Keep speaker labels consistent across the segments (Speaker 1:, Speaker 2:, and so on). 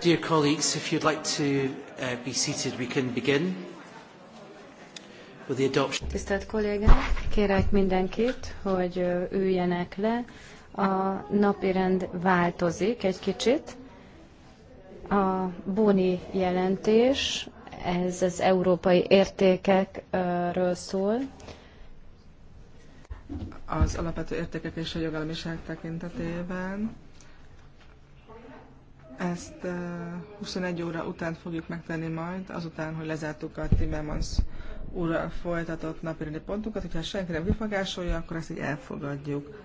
Speaker 1: Dear colleagues, if you'd like to uh, be seated, we can begin with the adoption.
Speaker 2: Tisztelt kollégák, kérek mindenkit, hogy üljenek le. A napi rend változik egy kicsit. A Boni jelentés, ez az európai értékekről szól.
Speaker 1: Az alapvető értékek és a jogállamiság tekintetében ezt 21 óra után fogjuk megtenni majd, azután, hogy lezártuk a Timmermans úrral folytatott napirendi pontokat. Hogyha senki nem kifogásolja, akkor ezt így elfogadjuk.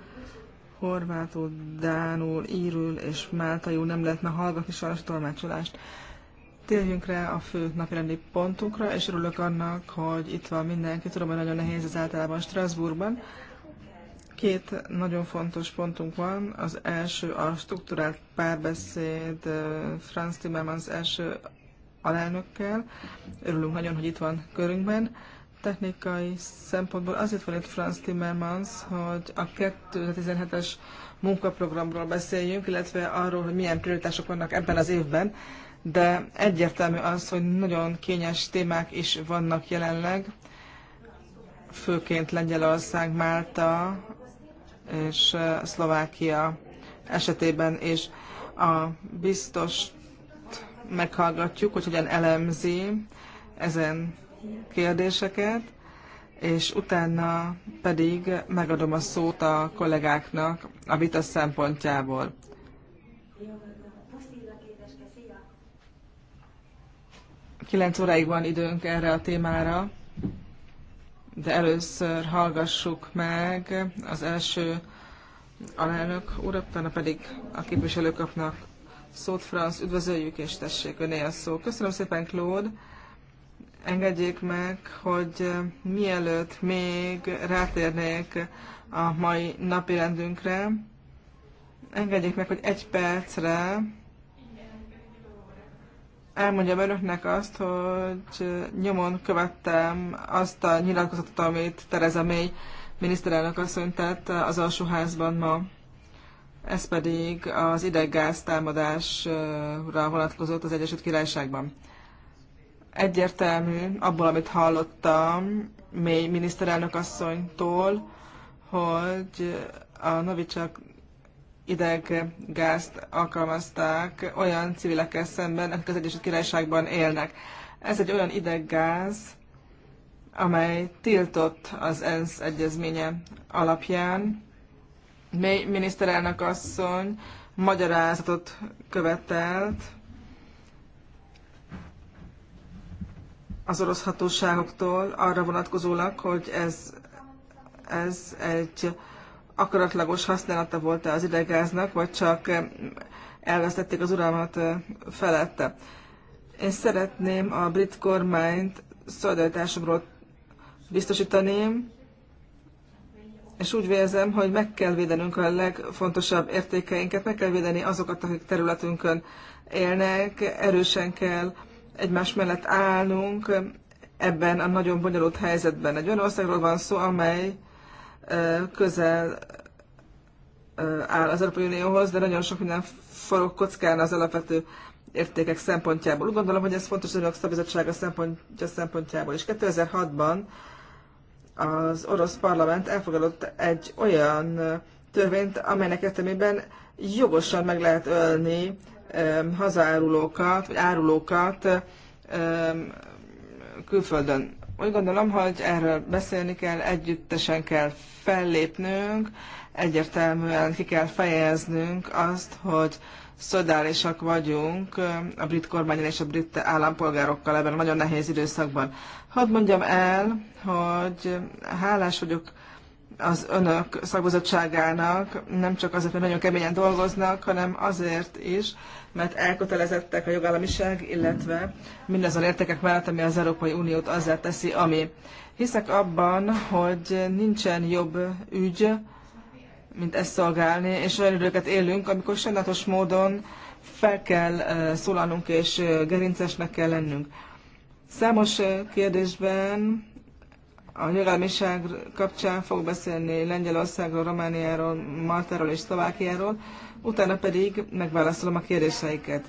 Speaker 1: Horvátul, Dánul, Írül és Máltaiul nem lehetne hallgatni sajnos tolmácsolást. Térjünk rá a fő napirendi pontunkra, és örülök annak, hogy itt van mindenki. Tudom, hogy nagyon nehéz az általában Strasbourgban, Két nagyon fontos pontunk van. Az első a struktúrált párbeszéd Franz Timmermans első alelnökkel. Örülünk nagyon, hogy itt van körünkben. Technikai szempontból azért van itt Franz Timmermans, hogy a 2017-es munkaprogramról beszéljünk, illetve arról, hogy milyen prioritások vannak ebben az évben, de egyértelmű az, hogy nagyon kényes témák is vannak jelenleg, főként Lengyelország, Málta és Szlovákia esetében is. A biztos meghallgatjuk, hogy hogyan elemzi ezen kérdéseket, és utána pedig megadom a szót a kollégáknak a vita szempontjából. Kilenc óráig van időnk erre a témára de először hallgassuk meg az első alelnök urat, utána pedig a képviselő kapnak szót, Franz, üdvözöljük és tessék, öné a szó. Köszönöm szépen, Claude. Engedjék meg, hogy mielőtt még rátérnék a mai napirendünkre, engedjék meg, hogy egy percre elmondjam önöknek azt, hogy nyomon követtem azt a nyilatkozatot, amit Tereza May miniszterelnök asszony tett az alsóházban ma. Ez pedig az ideggáz támadásra vonatkozott az Egyesült Királyságban. Egyértelmű abból, amit hallottam May miniszterelnök asszonytól, hogy a Novicsak ideggázt alkalmazták olyan civilekkel szemben, akik az Egyesült Királyságban élnek. Ez egy olyan ideggáz, amely tiltott az ENSZ egyezménye alapján. Mély miniszterelnök asszony magyarázatot követelt az orosz hatóságoktól arra vonatkozólag, hogy ez, ez egy akaratlagos használata volt-e az idegáznak, vagy csak elvesztették az uralmat felette. Én szeretném a brit kormányt szolidaritásomról biztosítani, és úgy vérzem, hogy meg kell védenünk a legfontosabb értékeinket, meg kell védeni azokat, akik területünkön élnek, erősen kell egymás mellett állnunk ebben a nagyon bonyolult helyzetben. Egy olyan országról van szó, amely közel áll az Európai Unióhoz, de nagyon sok minden forog kockán az alapvető értékek szempontjából. Úgy gondolom, hogy ez fontos az önök szabizottsága szempontja szempontjából. És 2006-ban az orosz parlament elfogadott egy olyan törvényt, amelynek értelmében jogosan meg lehet ölni hazárulókat, vagy árulókat külföldön. Úgy gondolom, hogy erről beszélni kell, együttesen kell fellépnünk, egyértelműen ki kell fejeznünk azt, hogy szodálisak vagyunk a brit kormányon és a brit állampolgárokkal ebben a nagyon nehéz időszakban. Hadd mondjam el, hogy hálás vagyok az önök szakbizottságának, nem csak azért, mert nagyon keményen dolgoznak, hanem azért is, mert elkötelezettek a jogállamiság, illetve mindazon értékek mellett, ami az Európai Uniót azzal teszi, ami. Hiszek abban, hogy nincsen jobb ügy, mint ezt szolgálni, és olyan időket élünk, amikor sajnálatos módon fel kell szólalnunk, és gerincesnek kell lennünk. Számos kérdésben a jogállamiság kapcsán fog beszélni Lengyelországról, Romániáról, Maltáról és Szlovákiáról, utána pedig megválaszolom a kérdéseiket.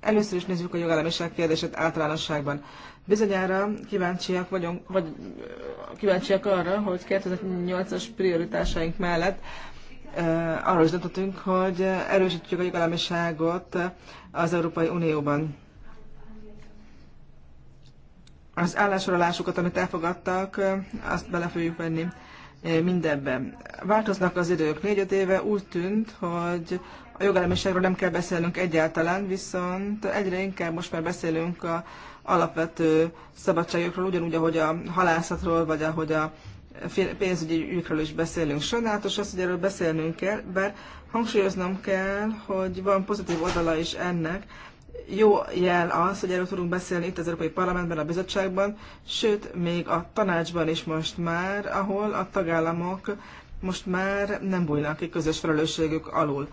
Speaker 1: Először is nézzük a jogállamiság kérdését általánosságban. Bizonyára kíváncsiak vagyunk, vagy kíváncsiak arra, hogy 2008-as prioritásaink mellett arról is döntöttünk, hogy erősítjük a jogállamiságot az Európai Unióban az állásorolásukat, amit elfogadtak, eh, azt bele fogjuk venni eh, mindebben. Változnak az idők. Négy-öt éve úgy tűnt, hogy a jogállamiságról nem kell beszélnünk egyáltalán, viszont egyre inkább most már beszélünk a alapvető szabadságokról, ugyanúgy, ahogy a halászatról, vagy ahogy a pénzügyi ügyekről is beszélünk. Sajnálatos az, hogy erről beszélnünk kell, bár hangsúlyoznom kell, hogy van pozitív oldala is ennek, jó jel az, hogy erről tudunk beszélni itt az Európai Parlamentben, a bizottságban, sőt, még a tanácsban is most már, ahol a tagállamok most már nem bújnak ki közös felelősségük alul.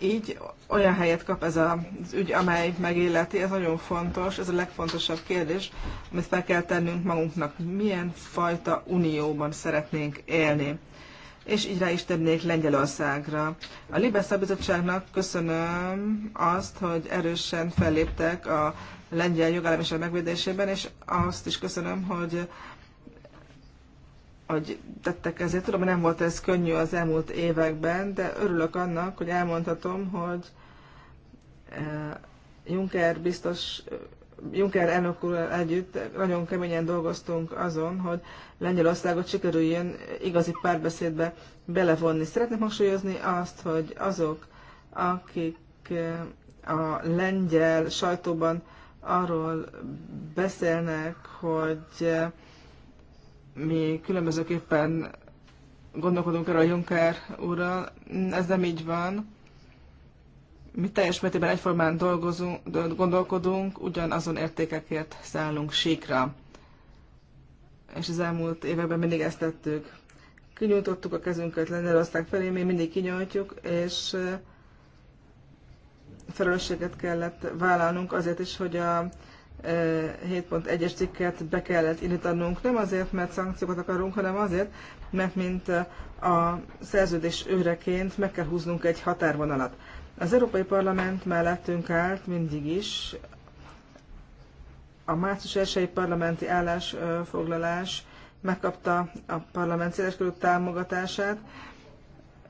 Speaker 1: Így olyan helyet kap ez az ügy, amely megéleti, ez nagyon fontos, ez a legfontosabb kérdés, amit fel kell tennünk magunknak, milyen fajta unióban szeretnénk élni és így rá is tennék Lengyelországra. A Libesza Bizottságnak köszönöm azt, hogy erősen felléptek a lengyel jogállamiság megvédésében, és azt is köszönöm, hogy hogy tettek ezért. Tudom, hogy nem volt ez könnyű az elmúlt években, de örülök annak, hogy elmondhatom, hogy eh, Juncker biztos Juncker elnök együtt nagyon keményen dolgoztunk azon, hogy Lengyelországot sikerüljön igazi párbeszédbe belevonni. Szeretném hangsúlyozni azt, hogy azok, akik eh, a lengyel sajtóban arról beszélnek, hogy eh, mi különbözőképpen gondolkodunk erről a Juncker úrral, ez nem így van mi teljes mértékben egyformán dolgozunk, gondolkodunk, ugyanazon értékekért szállunk síkra. És az elmúlt években mindig ezt tettük. Kinyújtottuk a kezünket Lengyelország felé, mi mindig kinyújtjuk, és eh, felelősséget kellett vállalnunk azért is, hogy a 7.1-es eh, cikket be kellett indítanunk, nem azért, mert szankciókat akarunk, hanem azért, mert mint eh, a szerződés őreként meg kell húznunk egy határvonalat. Az Európai Parlament mellettünk állt mindig is. A március 1 parlamenti állásfoglalás megkapta a parlament széleskörű támogatását.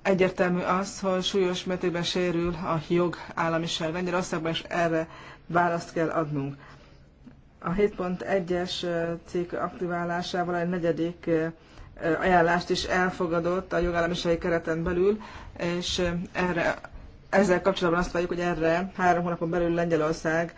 Speaker 1: Egyértelmű az, hogy súlyos mértékben sérül a jogállamiság. Lengyelországban is erre választ kell adnunk. A 7.1-es cikk aktiválásával egy negyedik ajánlást is elfogadott a jogállamisági kereten belül, és erre ezzel kapcsolatban azt várjuk, hogy erre három hónapon belül Lengyelország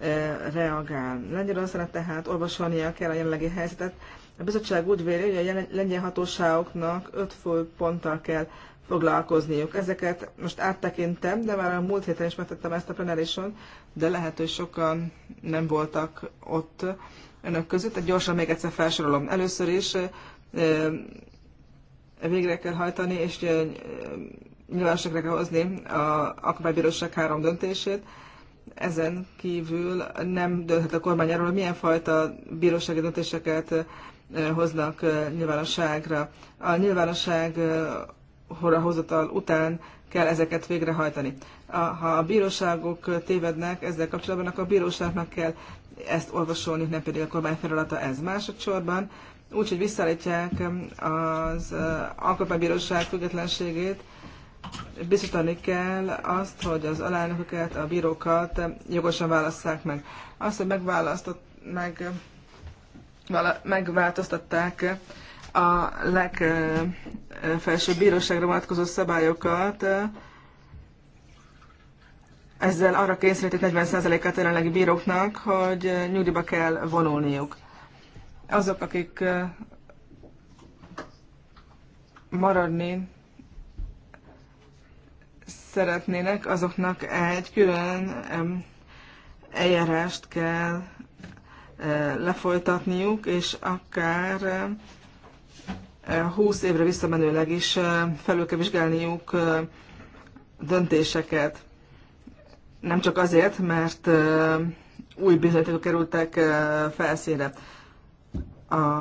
Speaker 1: eh, reagál. Lengyelországnak tehát olvasolnia kell a jelenlegi helyzetet. A bizottság úgy véli, hogy a lengyel hatóságoknak öt fő ponttal kell foglalkozniuk. Ezeket most áttekintem, de már a múlt héten is megtettem ezt a plenárison, de lehet, hogy sokan nem voltak ott önök között. Tehát gyorsan még egyszer felsorolom. Először is eh, végre kell hajtani, és eh, nyilvánosságra kell hozni a akadálybíróság három döntését. Ezen kívül nem dönthet a kormány arról, milyen fajta bírósági döntéseket hoznak nyilvánosságra. A nyilvánosság hozatal után kell ezeket végrehajtani. ha a bíróságok tévednek ezzel kapcsolatban, akkor a bíróságnak kell ezt olvasolni, nem pedig a kormány feladata ez. Másodszorban Úgyhogy visszaállítják az alkotmánybíróság függetlenségét, biztosítani kell azt, hogy az alelnököket, a bírókat jogosan válasszák meg. Azt, hogy megválasztott, meg, vala, megváltoztatták a legfelsőbb bíróságra vonatkozó szabályokat, ezzel arra kényszerítik 40%-át a jelenlegi bíróknak, hogy nyugdíjba kell vonulniuk. Azok, akik maradni szeretnének, azoknak egy külön eljárást kell e, lefolytatniuk, és akár 20 e, évre visszamenőleg is e, felül kell vizsgálniuk döntéseket. Nem csak azért, mert új bizonyítékok kerültek felszínre. A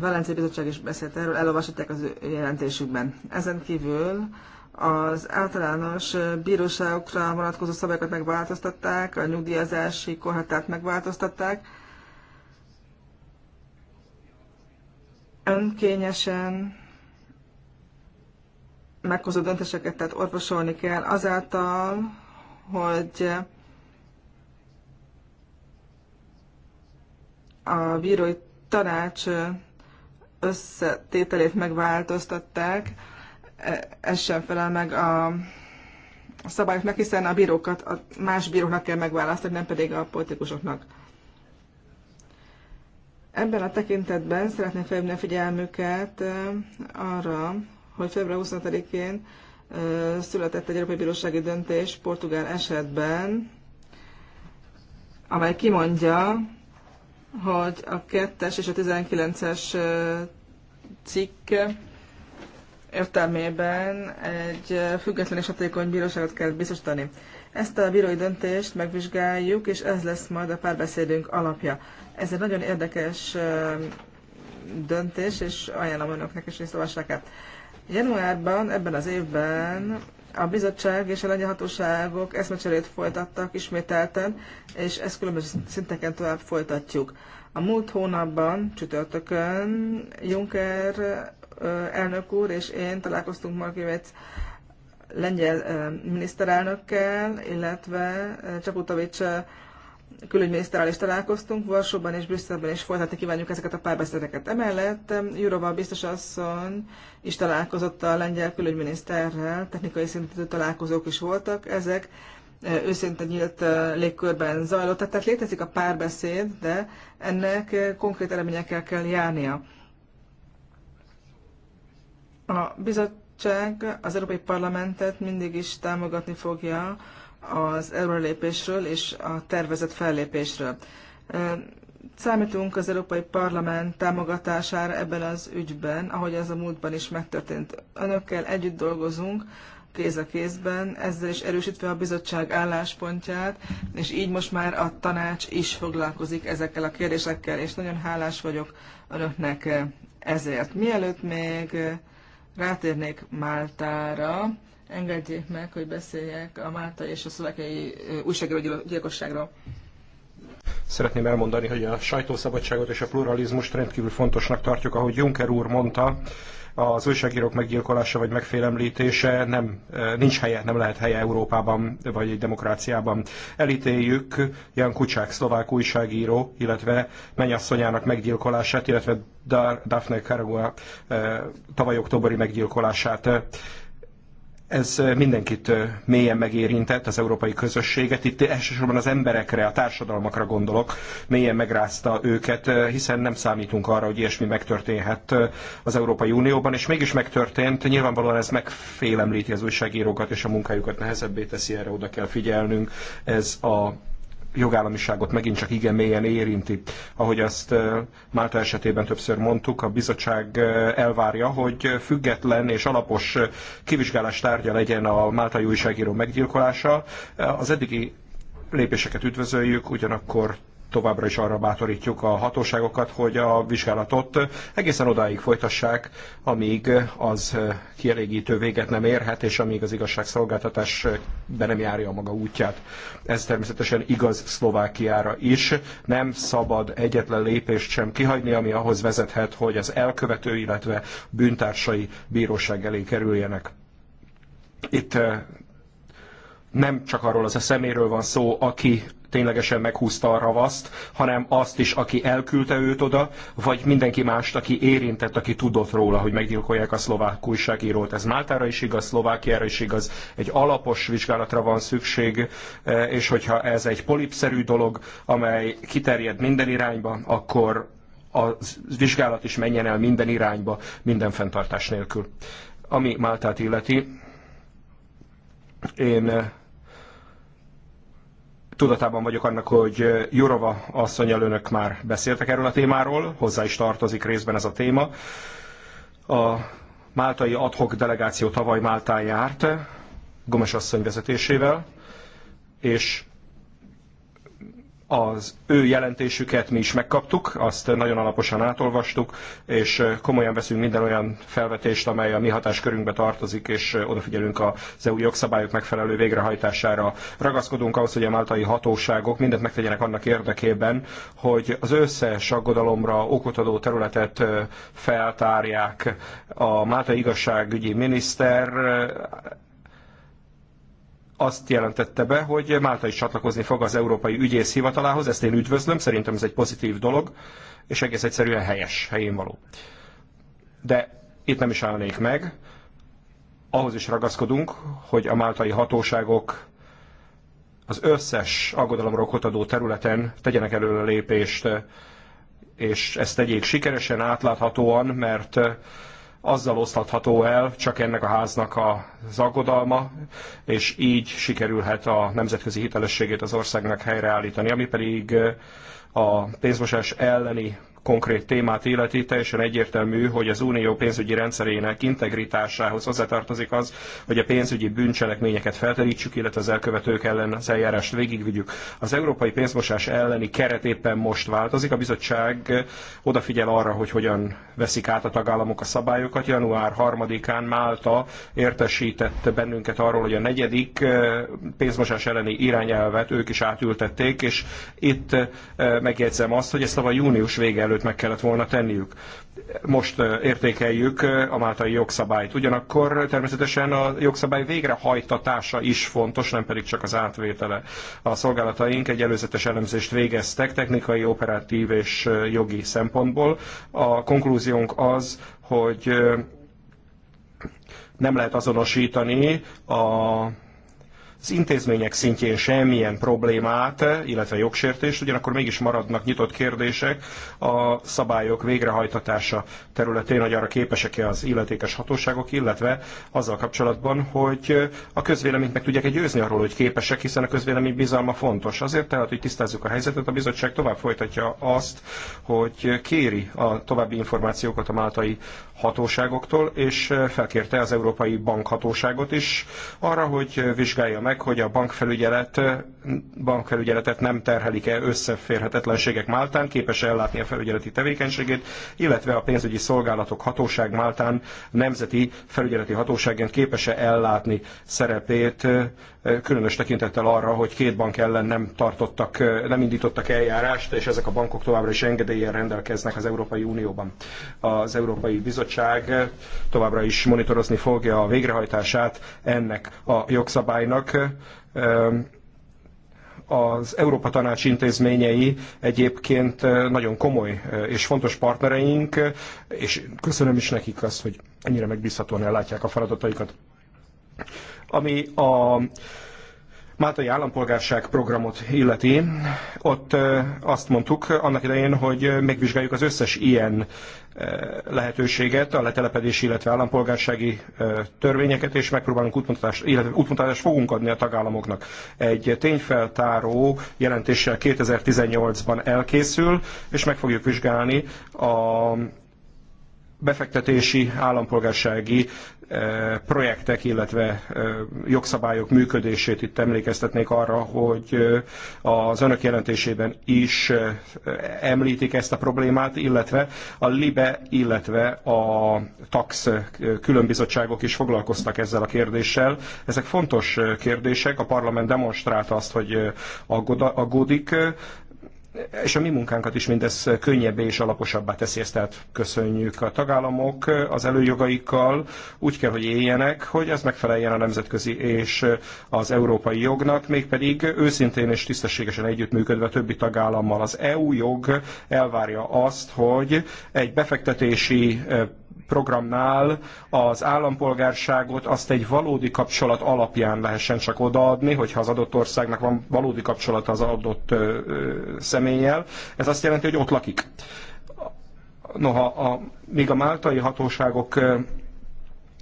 Speaker 1: Velencei Bizottság is beszélt erről, elolvasották az jelentésükben. Ezen kívül az általános bíróságokra vonatkozó szabályokat megváltoztatták, a nyugdíjazási korhatárt megváltoztatták. Önkényesen meghozó döntéseket tehát orvosolni kell azáltal, hogy a bírói tanács összetételét megváltoztatták, ez sem felel meg a szabályoknak, hiszen a bírókat a más bíróknak kell megválasztani, nem pedig a politikusoknak. Ebben a tekintetben szeretném felhívni a figyelmüket arra, hogy február 25-én született egy Európai Bírósági döntés Portugál esetben, amely kimondja, hogy a 2-es és a 19-es cikk értelmében egy független és hatékony bíróságot kell biztosítani. Ezt a bírói döntést megvizsgáljuk, és ez lesz majd a párbeszédünk alapja. Ez egy nagyon érdekes döntés, és ajánlom önöknek is, hogy olvassák át. Januárban, ebben az évben a bizottság és a lengyel hatóságok eszmecserét folytattak ismételten, és ezt különböző szinteken tovább folytatjuk. A múlt hónapban, csütörtökön Juncker elnök úr és én találkoztunk Markivetsz lengyel miniszterelnökkel, illetve Csaputovics külügyminiszterrel is találkoztunk, Varsóban és Brüsszelben is folytatni kívánjuk ezeket a párbeszédeket. Emellett Jurova biztos asszony is találkozott a lengyel külügyminiszterrel, technikai szintű találkozók is voltak, ezek őszinte nyílt légkörben zajlott tehát létezik a párbeszéd, de ennek konkrét eredményekkel kell járnia. A bizottság az Európai Parlamentet mindig is támogatni fogja az előrelépésről és a tervezett fellépésről. Számítunk az Európai Parlament támogatására ebben az ügyben, ahogy ez a múltban is megtörtént. Önökkel együtt dolgozunk, kéz a kézben, ezzel is erősítve a bizottság álláspontját, és így most már a tanács is foglalkozik ezekkel a kérdésekkel, és nagyon hálás vagyok önöknek ezért. Mielőtt még Rátérnék Máltára. Engedjék meg, hogy beszéljek a Máltai és a szlovákiai újságíró gyilkosságról.
Speaker 3: Szeretném elmondani, hogy a sajtószabadságot és a pluralizmust rendkívül fontosnak tartjuk, ahogy Juncker úr mondta, az újságírók meggyilkolása vagy megfélemlítése nem, eh, nincs helye, nem lehet helye Európában vagy egy demokráciában. Elítéljük Jan Kucsák, szlovák újságíró, illetve menyasszonyának meggyilkolását, illetve Daphne Caragua eh, tavaly októberi meggyilkolását. Ez mindenkit mélyen megérintett, az európai közösséget. Itt elsősorban az emberekre, a társadalmakra gondolok, mélyen megrázta őket, hiszen nem számítunk arra, hogy ilyesmi megtörténhet az Európai Unióban, és mégis megtörtént. Nyilvánvalóan ez megfélemlíti az újságírókat, és a munkájukat nehezebbé teszi, erre oda kell figyelnünk. Ez a jogállamiságot megint csak igen mélyen érinti. Ahogy ezt Málta esetében többször mondtuk, a bizottság elvárja, hogy független és alapos kivizsgálás tárgya legyen a máltai újságíró meggyilkolása. Az eddigi lépéseket üdvözöljük, ugyanakkor továbbra is arra bátorítjuk a hatóságokat, hogy a vizsgálatot egészen odáig folytassák, amíg az eh, kielégítő véget nem érhet, és amíg az igazságszolgáltatás eh, be nem járja a maga útját. Ez természetesen igaz Szlovákiára is. Nem szabad egyetlen lépést sem kihagyni, ami ahhoz vezethet, hogy az elkövető, illetve bűntársai bíróság elé kerüljenek. Itt eh, nem csak arról az a szeméről van szó, aki ténylegesen meghúzta a ravaszt, hanem azt is, aki elküldte őt oda, vagy mindenki mást, aki érintett, aki tudott róla, hogy meggyilkolják a szlovák újságírót. Ez Máltára is igaz, Szlovákiára is igaz. Egy alapos vizsgálatra van szükség, eh, és hogyha ez egy polipszerű dolog, amely kiterjed minden irányba, akkor a vizsgálat is menjen el minden irányba, minden fenntartás nélkül. Ami Máltát illeti, én eh, Tudatában vagyok annak, hogy Jurova asszonyal önök már beszéltek erről a témáról, hozzá is tartozik részben ez a téma. A máltai adhok delegáció tavaly Máltán járt, Gomes asszony vezetésével, és az ő jelentésüket mi is megkaptuk, azt nagyon alaposan átolvastuk, és komolyan veszünk minden olyan felvetést, amely a mi hatáskörünkbe tartozik, és odafigyelünk az EU jogszabályok megfelelő végrehajtására. Ragaszkodunk ahhoz, hogy a máltai hatóságok mindent megtegyenek annak érdekében, hogy az összes aggodalomra okot adó területet feltárják. A máltai igazságügyi miniszter azt jelentette be, hogy Málta is csatlakozni fog az Európai Ügyész Hivatalához, ezt én üdvözlöm, szerintem ez egy pozitív dolog, és egész egyszerűen helyes, helyén való. De itt nem is állnék meg, ahhoz is ragaszkodunk, hogy a máltai hatóságok az összes aggodalomra okot adó területen tegyenek a lépést, és ezt tegyék sikeresen, átláthatóan, mert azzal oszlatható el csak ennek a háznak az aggodalma, és így sikerülhet a nemzetközi hitelességét az országnak helyreállítani, ami pedig a pénzmosás elleni konkrét témát illeti, teljesen egyértelmű, hogy az unió pénzügyi rendszerének integritásához hozzátartozik az, hogy a pénzügyi bűncselekményeket felterítsük, illetve az elkövetők ellen az eljárást végigvigyük. Az európai pénzmosás elleni keret éppen most változik. A bizottság odafigyel arra, hogy hogyan veszik át a tagállamok a szabályokat. Január 3-án Málta értesített bennünket arról, hogy a negyedik pénzmosás elleni irányelvet ők is átültették, és itt megjegyzem azt, hogy ezt tavaly június vége előtt meg kellett volna tenniük. Most értékeljük a máltai jogszabályt. Ugyanakkor természetesen a jogszabály végrehajtatása is fontos, nem pedig csak az átvétele. A szolgálataink egy előzetes elemzést végeztek technikai, operatív és jogi szempontból. A konklúziónk az, hogy nem lehet azonosítani a az intézmények szintjén semmilyen problémát, illetve jogsértést, ugyanakkor mégis maradnak nyitott kérdések a szabályok végrehajtatása területén, hogy arra képesek-e az illetékes hatóságok, illetve azzal kapcsolatban, hogy a közvéleményt meg tudják győzni arról, hogy képesek, hiszen a közvélemény bizalma fontos. Azért tehát, hogy tisztázzuk a helyzetet, a bizottság tovább folytatja azt, hogy kéri a további információkat a máltai hatóságoktól, és felkérte az Európai Bankhatóságot is arra, hogy vizsgálja meg, hogy a bankfelügyelet, bankfelügyeletet nem terhelik-e összeférhetetlenségek Máltán, képes-e ellátni a felügyeleti tevékenységét, illetve a pénzügyi szolgálatok hatóság Máltán nemzeti felügyeleti hatóságként képes-e ellátni szerepét, különös tekintettel arra, hogy két bank ellen nem tartottak, nem indítottak eljárást, és ezek a bankok továbbra is engedélyen rendelkeznek az Európai Unióban. Az Európai Bizottság bizottság továbbra is monitorozni fogja a végrehajtását ennek a jogszabálynak. Ehm, az Európa Tanács intézményei egyébként eh, nagyon komoly eh, és fontos partnereink, eh, és köszönöm is nekik azt, hogy ennyire megbízhatóan ellátják a feladataikat. Ami a Máltai állampolgárság programot illeti, ott azt mondtuk annak idején, hogy megvizsgáljuk az összes ilyen lehetőséget, a letelepedési, illetve állampolgársági törvényeket, és megpróbálunk útmutatást, illetve útmutatást fogunk adni a tagállamoknak. Egy tényfeltáró jelentéssel 2018-ban elkészül, és meg fogjuk vizsgálni a befektetési, állampolgársági projektek, illetve jogszabályok működését itt emlékeztetnék arra, hogy az önök jelentésében is említik ezt a problémát, illetve a LIBE, illetve a TAX különbizottságok is foglalkoztak ezzel a kérdéssel. Ezek fontos kérdések, a parlament demonstrálta azt, hogy aggódik, és a mi munkánkat is mindez könnyebbé és alaposabbá teszi ezt, tehát köszönjük a tagállamok az előjogaikkal, úgy kell, hogy éljenek, hogy ez megfeleljen a nemzetközi és az európai jognak, mégpedig őszintén és tisztességesen együttműködve a többi tagállammal. Az EU jog elvárja azt, hogy egy befektetési eh, programnál az állampolgárságot azt egy valódi kapcsolat alapján lehessen csak odaadni, hogyha az adott országnak van valódi kapcsolata az adott eh, személy véleménnyel, ez azt jelenti, hogy ott lakik. Noha, a, még a máltai hatóságok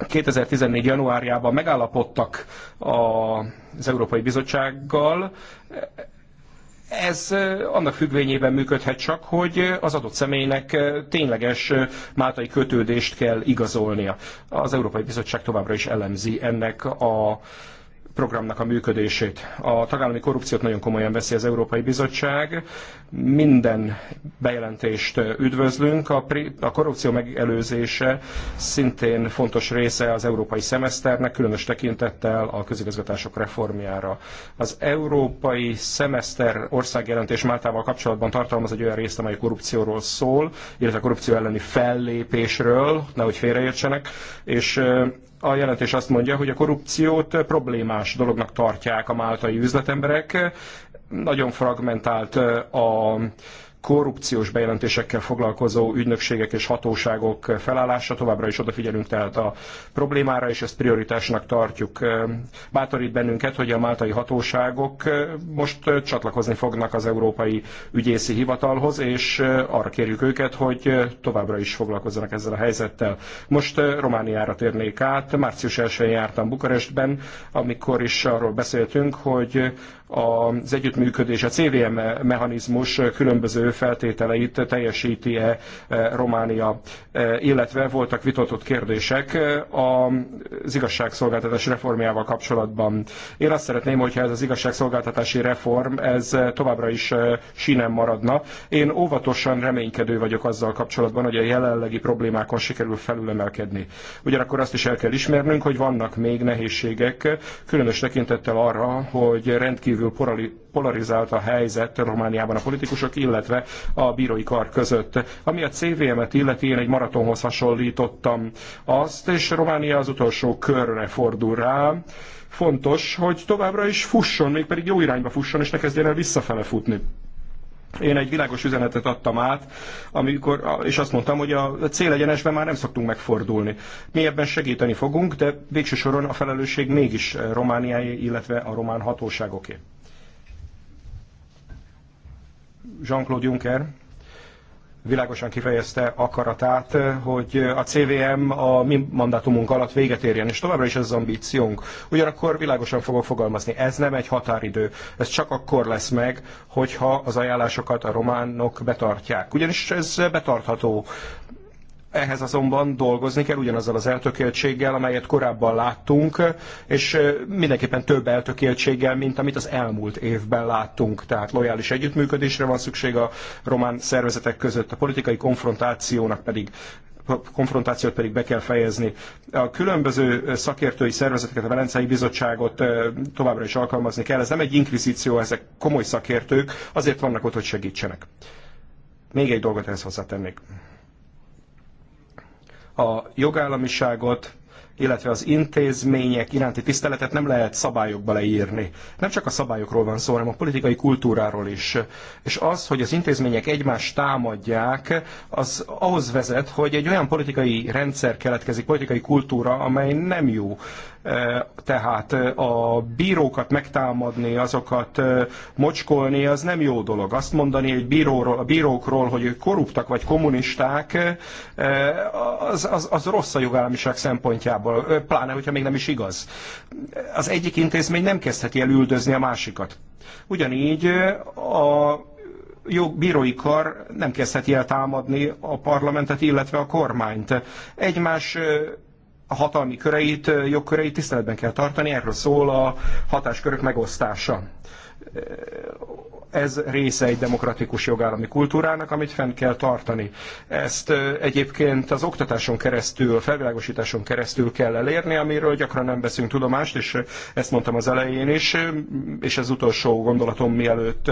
Speaker 3: 2014. januárjában megállapodtak az Európai Bizottsággal, ez annak függvényében működhet csak, hogy az adott személynek tényleges máltai kötődést kell igazolnia. Az Európai Bizottság továbbra is elemzi ennek a programnak a működését. A tagállami korrupciót nagyon komolyan veszi az Európai Bizottság. Minden bejelentést üdvözlünk. A, a korrupció megelőzése szintén fontos része az európai szemeszternek, különös tekintettel a közigazgatások reformjára. Az európai szemeszter országjelentés Máltával kapcsolatban tartalmaz egy olyan részt, amely korrupcióról szól, illetve a korrupció elleni fellépésről, nehogy félreértsenek, és a jelentés azt mondja, hogy a korrupciót problémás dolognak tartják a máltai üzletemberek. Nagyon fragmentált a korrupciós bejelentésekkel foglalkozó ügynökségek és hatóságok felállása. Továbbra is odafigyelünk tehát a problémára, és ezt prioritásnak tartjuk. Bátorít bennünket, hogy a máltai hatóságok most csatlakozni fognak az Európai Ügyészi Hivatalhoz, és arra kérjük őket, hogy továbbra is foglalkozzanak ezzel a helyzettel. Most Romániára térnék át. Március 1-én jártam Bukarestben, amikor is arról beszéltünk, hogy az együttműködés, a CVM mechanizmus különböző feltételeit teljesíti-e eh, Románia, eh, illetve voltak vitatott kérdések eh, az igazságszolgáltatás reformjával kapcsolatban. Én azt szeretném, hogyha ez az igazságszolgáltatási reform, ez továbbra is sínen maradna. Én óvatosan reménykedő vagyok azzal kapcsolatban, hogy a jelenlegi problémákon sikerül felülemelkedni. Ugyanakkor azt is el kell ismernünk, hogy vannak még nehézségek, különös tekintettel arra, hogy rendkívül rendkívül polarizált a helyzet Romániában a politikusok, illetve a bírói kar között. Ami a CVM-et illeti, én egy maratonhoz hasonlítottam azt, és Románia az utolsó körre fordul rá. Fontos, hogy továbbra is fusson, mégpedig jó irányba fusson, és ne kezdjen el visszafele futni. Én egy világos üzenetet adtam át, amikor, és azt mondtam, hogy a célegyenesben már nem szoktunk megfordulni. Mi ebben segíteni fogunk, de végső soron a felelősség mégis Romániáé, illetve a román hatóságoké. Jean-Claude Juncker világosan kifejezte akaratát, hogy a CVM a mi mandátumunk alatt véget érjen, és továbbra is ez az ambíciónk. Ugyanakkor világosan fogok fogalmazni, ez nem egy határidő, ez csak akkor lesz meg, hogyha az ajánlásokat a románok betartják. Ugyanis ez betartható ehhez azonban dolgozni kell ugyanazzal az eltökéltséggel, amelyet korábban láttunk, és mindenképpen több eltökéltséggel, mint amit az elmúlt évben láttunk. Tehát lojális együttműködésre van szükség a román szervezetek között, a politikai konfrontációnak pedig konfrontációt pedig be kell fejezni. A különböző szakértői szervezeteket, a Velencei Bizottságot továbbra is alkalmazni kell. Ez nem egy inkvizíció, ezek komoly szakértők, azért vannak ott, hogy segítsenek. Még egy dolgot ehhez hozzátennék a jogállamiságot, illetve az intézmények iránti tiszteletet nem lehet szabályokba leírni. Nem csak a szabályokról van szó, hanem a politikai kultúráról is. És az, hogy az intézmények egymást támadják, az ahhoz vezet, hogy egy olyan politikai rendszer keletkezik, politikai kultúra, amely nem jó. Tehát a bírókat megtámadni, azokat mocskolni, az nem jó dolog. Azt mondani egy bíróról, a bírókról, hogy ők korruptak vagy kommunisták, az, az, az rossz a jogállamiság szempontjából, pláne, hogyha még nem is igaz. Az egyik intézmény nem kezdheti el üldözni a másikat. Ugyanígy a jogbírói kar nem kezdheti el támadni a parlamentet, illetve a kormányt. Egymás a hatalmi köreit, jogköreit tiszteletben kell tartani, erről szól a hatáskörök megosztása ez része egy demokratikus jogállami kultúrának, amit fenn kell tartani. Ezt egyébként az oktatáson keresztül, a felvilágosításon keresztül kell elérni, amiről gyakran nem veszünk tudomást, és ezt mondtam az elején is, és ez utolsó gondolatom mielőtt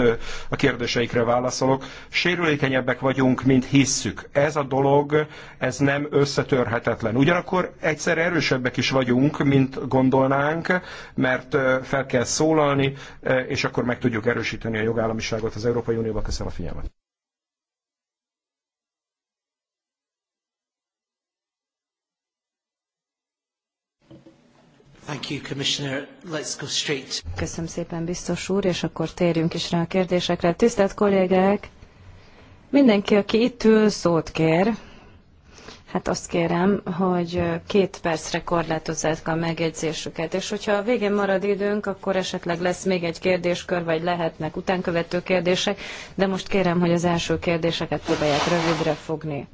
Speaker 3: a kérdéseikre válaszolok. Sérülékenyebbek vagyunk, mint hisszük. Ez a dolog, ez nem összetörhetetlen. Ugyanakkor egyszer erősebbek is vagyunk, mint gondolnánk, mert fel kell szólalni, és akkor meg tudjuk erősíteni a jogállamiságot jogállamiságot az Európai Unióba. Köszönöm a figyelmet.
Speaker 1: Thank you, Commissioner. Let's go straight.
Speaker 2: Köszönöm szépen, biztos úr, és akkor térjünk is rá a kérdésekre. Tisztelt kollégák, mindenki, aki itt ül, szót kér. Hát azt kérem, hogy két percre korlátozzák a megjegyzésüket, és hogyha a végén marad időnk, akkor esetleg lesz még egy kérdéskör, vagy lehetnek utánkövető kérdések, de most kérem, hogy az első kérdéseket próbálják rövidre fogni.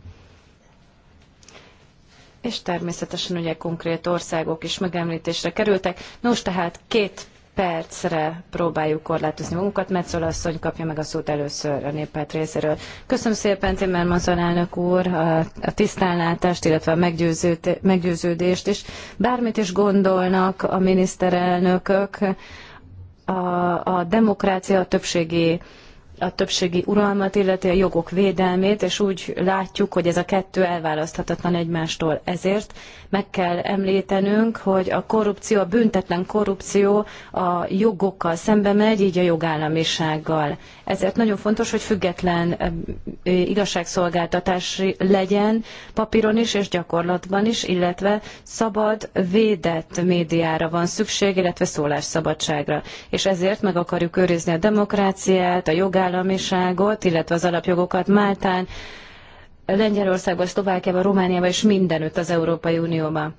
Speaker 2: És természetesen ugye konkrét országok is megemlítésre kerültek. Nos, tehát két percre próbáljuk korlátozni magunkat. Metzola asszony kapja meg a szót először a néppárt részéről. Köszönöm szépen Timmermans alelnök úr a, a tisztánlátást, illetve a meggyőződést is. Bármit is gondolnak a miniszterelnökök, a, a demokrácia a többségi a többségi uralmat, illeti a jogok védelmét, és úgy látjuk, hogy ez a kettő elválaszthatatlan egymástól. Ezért meg kell említenünk, hogy a korrupció, a büntetlen korrupció a jogokkal szembe megy, így a jogállamisággal. Ezért nagyon fontos, hogy független igazságszolgáltatás legyen papíron is és gyakorlatban is, illetve szabad, védett médiára van szükség, illetve szólásszabadságra. És ezért meg akarjuk őrizni a demokráciát, a jogállamiságot, jogállamiságot, illetve az alapjogokat Máltán, Lengyelországban, Szlovákiában, Romániában és mindenütt az Európai Unióban.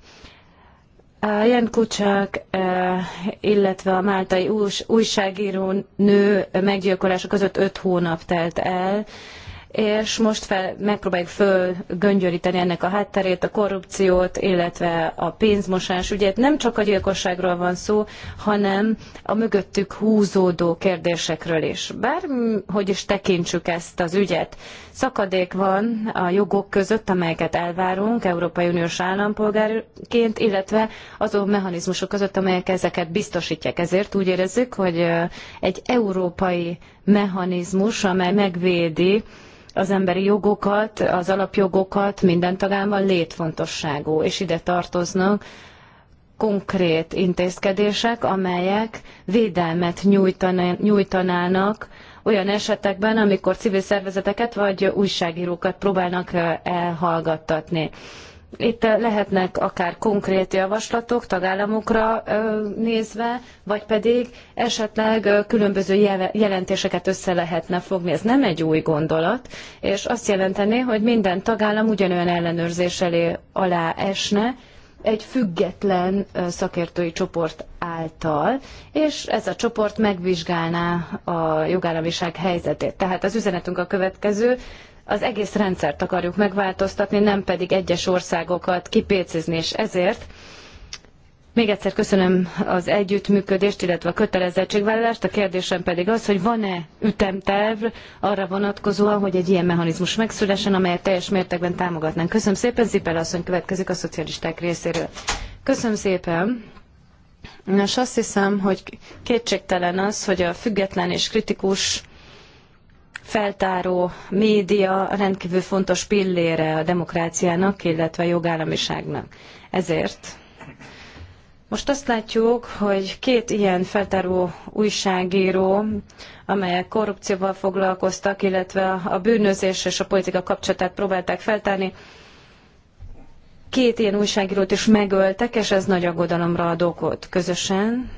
Speaker 2: A Jan Kucsák, eh, illetve a máltai újságíró nő meggyilkolása között öt hónap telt el, és most fel, megpróbáljuk fölgöngyöríteni ennek a hátterét, a korrupciót, illetve a pénzmosás. Ugye nem csak a gyilkosságról van szó, hanem a mögöttük húzódó kérdésekről is. Bárhogy is tekintsük ezt az ügyet, szakadék van a jogok között, amelyeket elvárunk Európai Uniós állampolgárként, illetve azon mechanizmusok között, amelyek ezeket biztosítják. Ezért úgy érezzük, hogy egy európai mechanizmus, amely megvédi az emberi jogokat, az alapjogokat minden tagállamban létfontosságú, és ide tartoznak konkrét intézkedések, amelyek védelmet nyújtanának olyan esetekben, amikor civil szervezeteket vagy újságírókat próbálnak eh, elhallgattatni. Itt lehetnek akár konkrét javaslatok tagállamokra nézve, vagy pedig esetleg különböző jelentéseket össze lehetne fogni. Ez nem egy új gondolat, és azt jelentené, hogy minden tagállam ugyanolyan ellenőrzés elé alá esne, egy független szakértői csoport által, és ez a csoport megvizsgálná a jogállamiság helyzetét. Tehát az üzenetünk a következő, az egész rendszert akarjuk megváltoztatni, nem pedig egyes országokat kipécézni, és ezért még egyszer köszönöm az együttműködést, illetve a kötelezettségvállalást. A kérdésem pedig az, hogy van-e ütemterv arra vonatkozóan, hogy egy ilyen mechanizmus megszülessen, amelyet teljes mértékben támogatnánk. Köszönöm szépen, Zipel asszony következik a szocialisták részéről. Köszönöm szépen. Nos, azt hiszem, hogy kétségtelen az, hogy a független és kritikus feltáró média rendkívül fontos pillére a demokráciának, illetve a jogállamiságnak. Ezért most azt látjuk, hogy két ilyen feltáró újságíró, amelyek korrupcióval foglalkoztak, illetve a bűnözés és a politika kapcsolatát próbálták feltárni, két ilyen újságírót is megöltek, és ez nagy aggodalomra ad okot. Közösen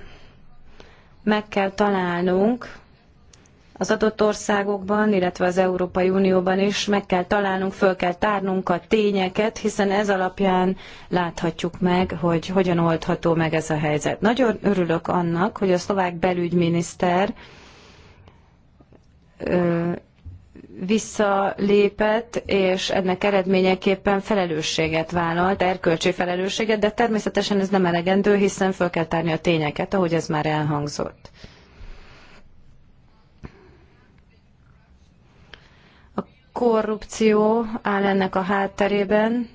Speaker 2: meg kell találnunk az adott országokban, illetve az Európai Unióban is meg kell találnunk, föl kell tárnunk a tényeket, hiszen ez alapján láthatjuk meg, hogy hogyan oldható meg ez a helyzet. Nagyon örülök annak, hogy a szlovák belügyminiszter ö, visszalépett, és ennek eredményeképpen felelősséget vállalt, erkölcsi felelősséget, de természetesen ez nem elegendő, hiszen föl kell tárni a tényeket, ahogy ez már elhangzott. korrupció áll ennek a hátterében.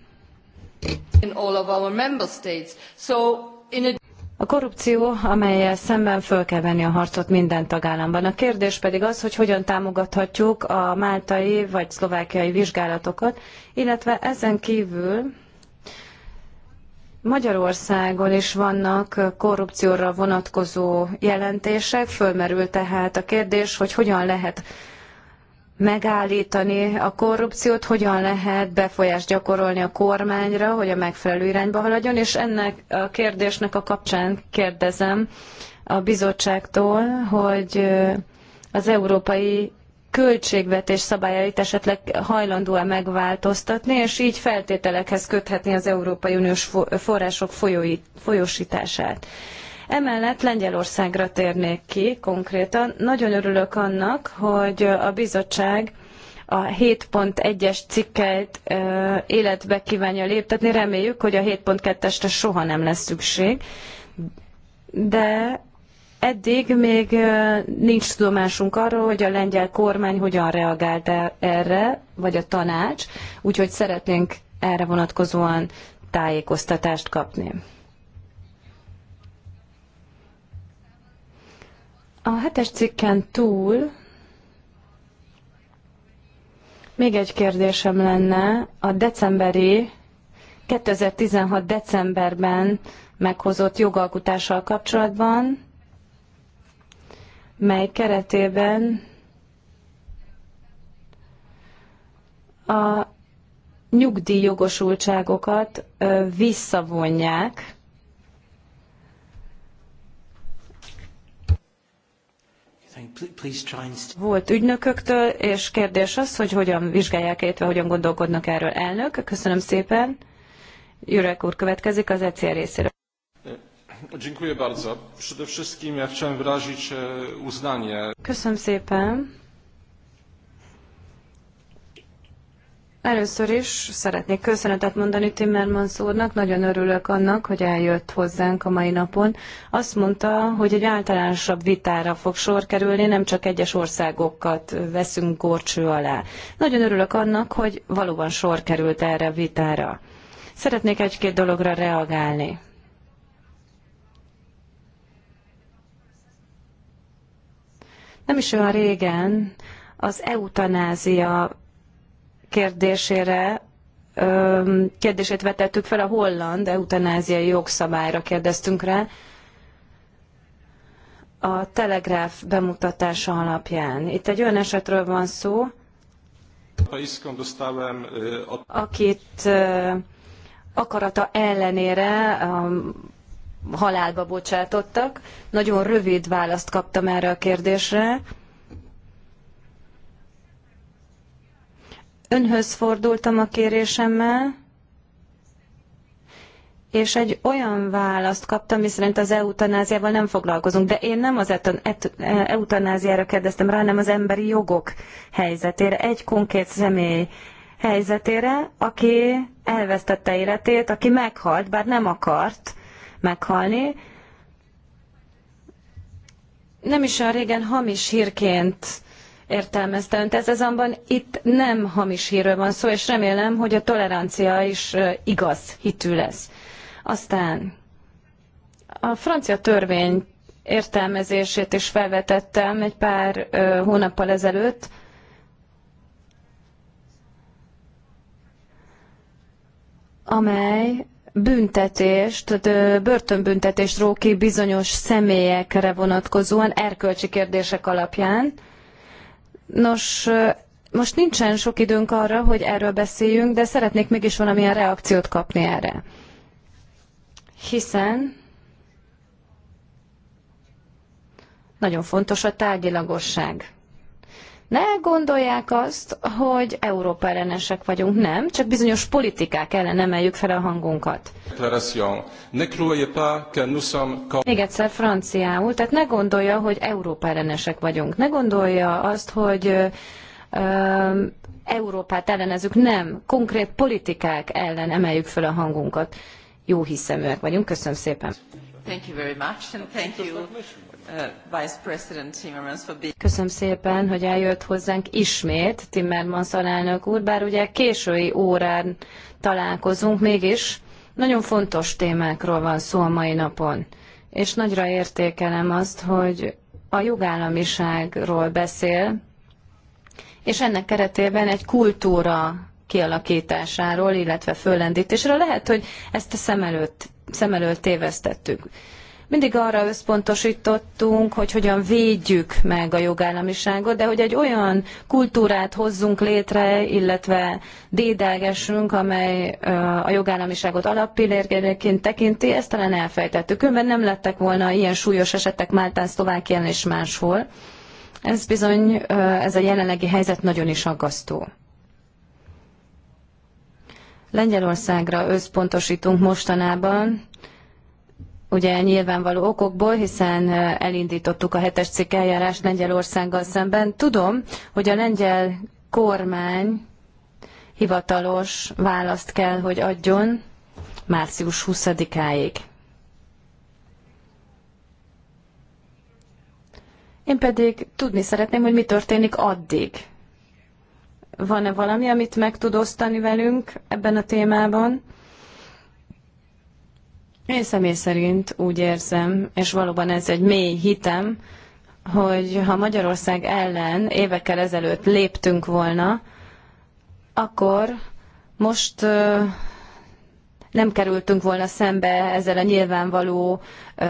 Speaker 2: A korrupció, amelyel szemben föl kell venni a harcot minden tagállamban. A kérdés pedig az, hogy hogyan támogathatjuk a máltai vagy szlovákiai vizsgálatokat, illetve ezen kívül Magyarországon is vannak korrupcióra vonatkozó jelentések, fölmerül tehát a kérdés, hogy hogyan lehet megállítani a korrupciót, hogyan lehet befolyást gyakorolni a kormányra, hogy a megfelelő irányba haladjon, és ennek a kérdésnek a kapcsán kérdezem a bizottságtól, hogy az európai költségvetés szabályait esetleg hajlandó-e megváltoztatni, és így feltételekhez köthetni az Európai Uniós források folyói, folyósítását. Emellett Lengyelországra térnék ki konkrétan. Nagyon örülök annak, hogy a bizottság a 7.1-es cikket életbe kívánja léptetni. Reméljük, hogy a 7.2-esre soha nem lesz szükség. De eddig még nincs tudomásunk arról, hogy a lengyel kormány hogyan reagált e- erre, vagy a tanács, úgyhogy szeretnénk erre vonatkozóan tájékoztatást kapni. A hetes cikken túl még egy kérdésem lenne. A decemberi, 2016. decemberben meghozott jogalkotással kapcsolatban, mely keretében a nyugdíjjogosultságokat visszavonják, volt ügynököktől, és kérdés az, hogy hogyan vizsgálják, illetve hogyan gondolkodnak erről elnök. Köszönöm szépen. Jurek úr következik az ECR részéről.
Speaker 3: E, dziękuję bardzo. Przede wszystkim ja chciałem wyrazić e, uznanie.
Speaker 2: Köszönöm szépen. Először is szeretnék köszönetet mondani Timmermans úrnak, nagyon örülök annak, hogy eljött hozzánk a mai napon. Azt mondta, hogy egy általánosabb vitára fog sor kerülni, nem csak egyes országokat veszünk gorcső alá. Nagyon örülök annak, hogy valóban sor került erre a vitára. Szeretnék egy-két dologra reagálni. Nem is olyan régen az eutanázia kérdésére kérdését vetettük fel, a holland eutanáziai jogszabályra kérdeztünk rá, a telegráf bemutatása alapján. Itt egy olyan esetről van szó,
Speaker 3: akit
Speaker 2: akarata ellenére halálba bocsátottak. Nagyon rövid választ kaptam erre a kérdésre. önhöz fordultam a kérésemmel, és egy olyan választ kaptam, miszerint az eutanáziával nem foglalkozunk, de én nem az eutanáziára kérdeztem rá, hanem az emberi jogok helyzetére, egy konkrét személy helyzetére, aki elvesztette életét, aki meghalt, bár nem akart meghalni. Nem is olyan régen hamis hírként értelmezte önt. Ez azonban itt nem hamis hírről van szó, és remélem, hogy a tolerancia is igaz hitű lesz. Aztán a francia törvény értelmezését is felvetettem egy pár hónappal ezelőtt, amely büntetést, börtönbüntetést ró ki bizonyos személyekre vonatkozóan erkölcsi kérdések alapján. Nos, most nincsen sok időnk arra, hogy erről beszéljünk, de szeretnék mégis valamilyen reakciót kapni erre. Hiszen nagyon fontos a tárgyilagosság. Ne gondolják azt, hogy Európa ellenesek vagyunk. Nem, csak bizonyos politikák ellen emeljük fel a hangunkat. Még egyszer franciául, tehát ne gondolja, hogy Európa ellenesek vagyunk. Ne gondolja azt, hogy ö, Európát ellenezzük. Nem, konkrét politikák ellen emeljük fel a hangunkat. Jó hiszeműek vagyunk. Köszönöm szépen.
Speaker 1: Thank you very much, and thank you Uh,
Speaker 2: Köszönöm szépen, hogy eljött hozzánk ismét, Timmermans alelnök úr, bár ugye késői órán találkozunk, mégis nagyon fontos témákról van szó a mai napon. És nagyra értékelem azt, hogy a jogállamiságról beszél, és ennek keretében egy kultúra kialakításáról, illetve föllendítésről. Lehet, hogy ezt a szem előtt, szem előtt tévesztettük. Mindig arra összpontosítottunk, hogy hogyan védjük meg a jogállamiságot, de hogy egy olyan kultúrát hozzunk létre, illetve dédelgessünk, amely a jogállamiságot alappillérként tekinti, ezt talán elfejtettük. Önben nem lettek volna ilyen súlyos esetek Máltán, Szlovákián és máshol. Ez bizony, ez a jelenlegi helyzet nagyon is aggasztó. Lengyelországra összpontosítunk mostanában, ugye nyilvánvaló okokból, hiszen elindítottuk a hetes cikk eljárást Lengyelországgal szemben. Tudom, hogy a lengyel kormány hivatalos választ kell, hogy adjon március 20-áig. Én pedig tudni szeretném, hogy mi történik addig. Van-e valami, amit meg tud osztani velünk ebben a témában? Én személy szerint úgy érzem, és valóban ez egy mély hitem, hogy ha Magyarország ellen évekkel ezelőtt léptünk volna, akkor most nem kerültünk volna szembe ezzel a nyilvánvaló ö,